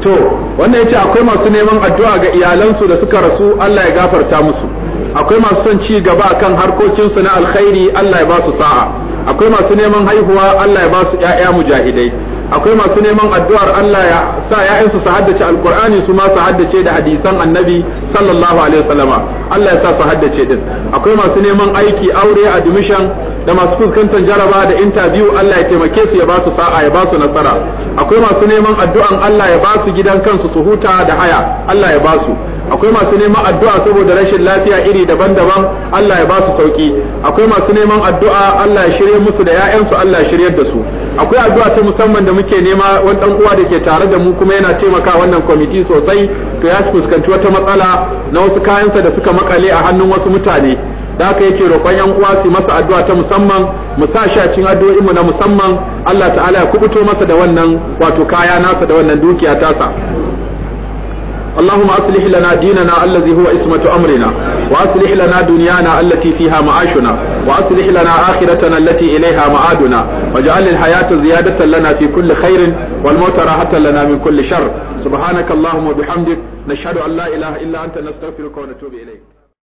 to wannan yace akwai masu neman addu'a ga iyalansu da suka rasu Allah ya gafarta musu akwai masu son ci gaba akan harkokinsu na alkhairi Allah ya ba su sa'a akwai masu neman haihuwa Allah ya ba su ƴaƴa mujahidai akwai masu neman addu'ar Allah ya sa ‘ya'yansu su haddace alkur'ani su ma su haddace da hadisan annabi sallallahu alaihi wasallama Allah ya sa su haddace din akwai masu neman aiki aure admission da masu fuskantar jaraba da interview Allah ya taimake su ya ba su sa'a ya ba su nasara akwai masu neman addu'an Allah ya ba su gidan kansu su huta da haya Allah ya ba su akwai masu neman addu'a saboda rashin lafiya iri daban-daban Allah ya ba su sauki akwai masu neman addu'a Allah ya shirye musu da 'ya'yansu Allah ya shiryar da su akwai addu'a ta musamman da muke nema wani dan uwa da ke tare da mu kuma yana taimaka wannan kwamiti sosai to ya fuskanci wata matsala na wasu kayansa da suka makale a hannun wasu mutane da haka yake roƙon yan uwa su masa addu'a ta musamman mu sa shi a cikin mu na musamman Allah ta'ala ya kubuto masa da wannan wato kaya nasa da wannan dukiya tasa اللهم أصلح لنا ديننا الذي هو اسمة أمرنا وأصلح لنا دنيانا التي فيها معاشنا وأصلح لنا آخرتنا التي إليها معادنا واجعل الحياة زيادة لنا في كل خير والموت راحة لنا من كل شر سبحانك اللهم وبحمدك نشهد أن لا إله إلا أنت نستغفرك ونتوب إليك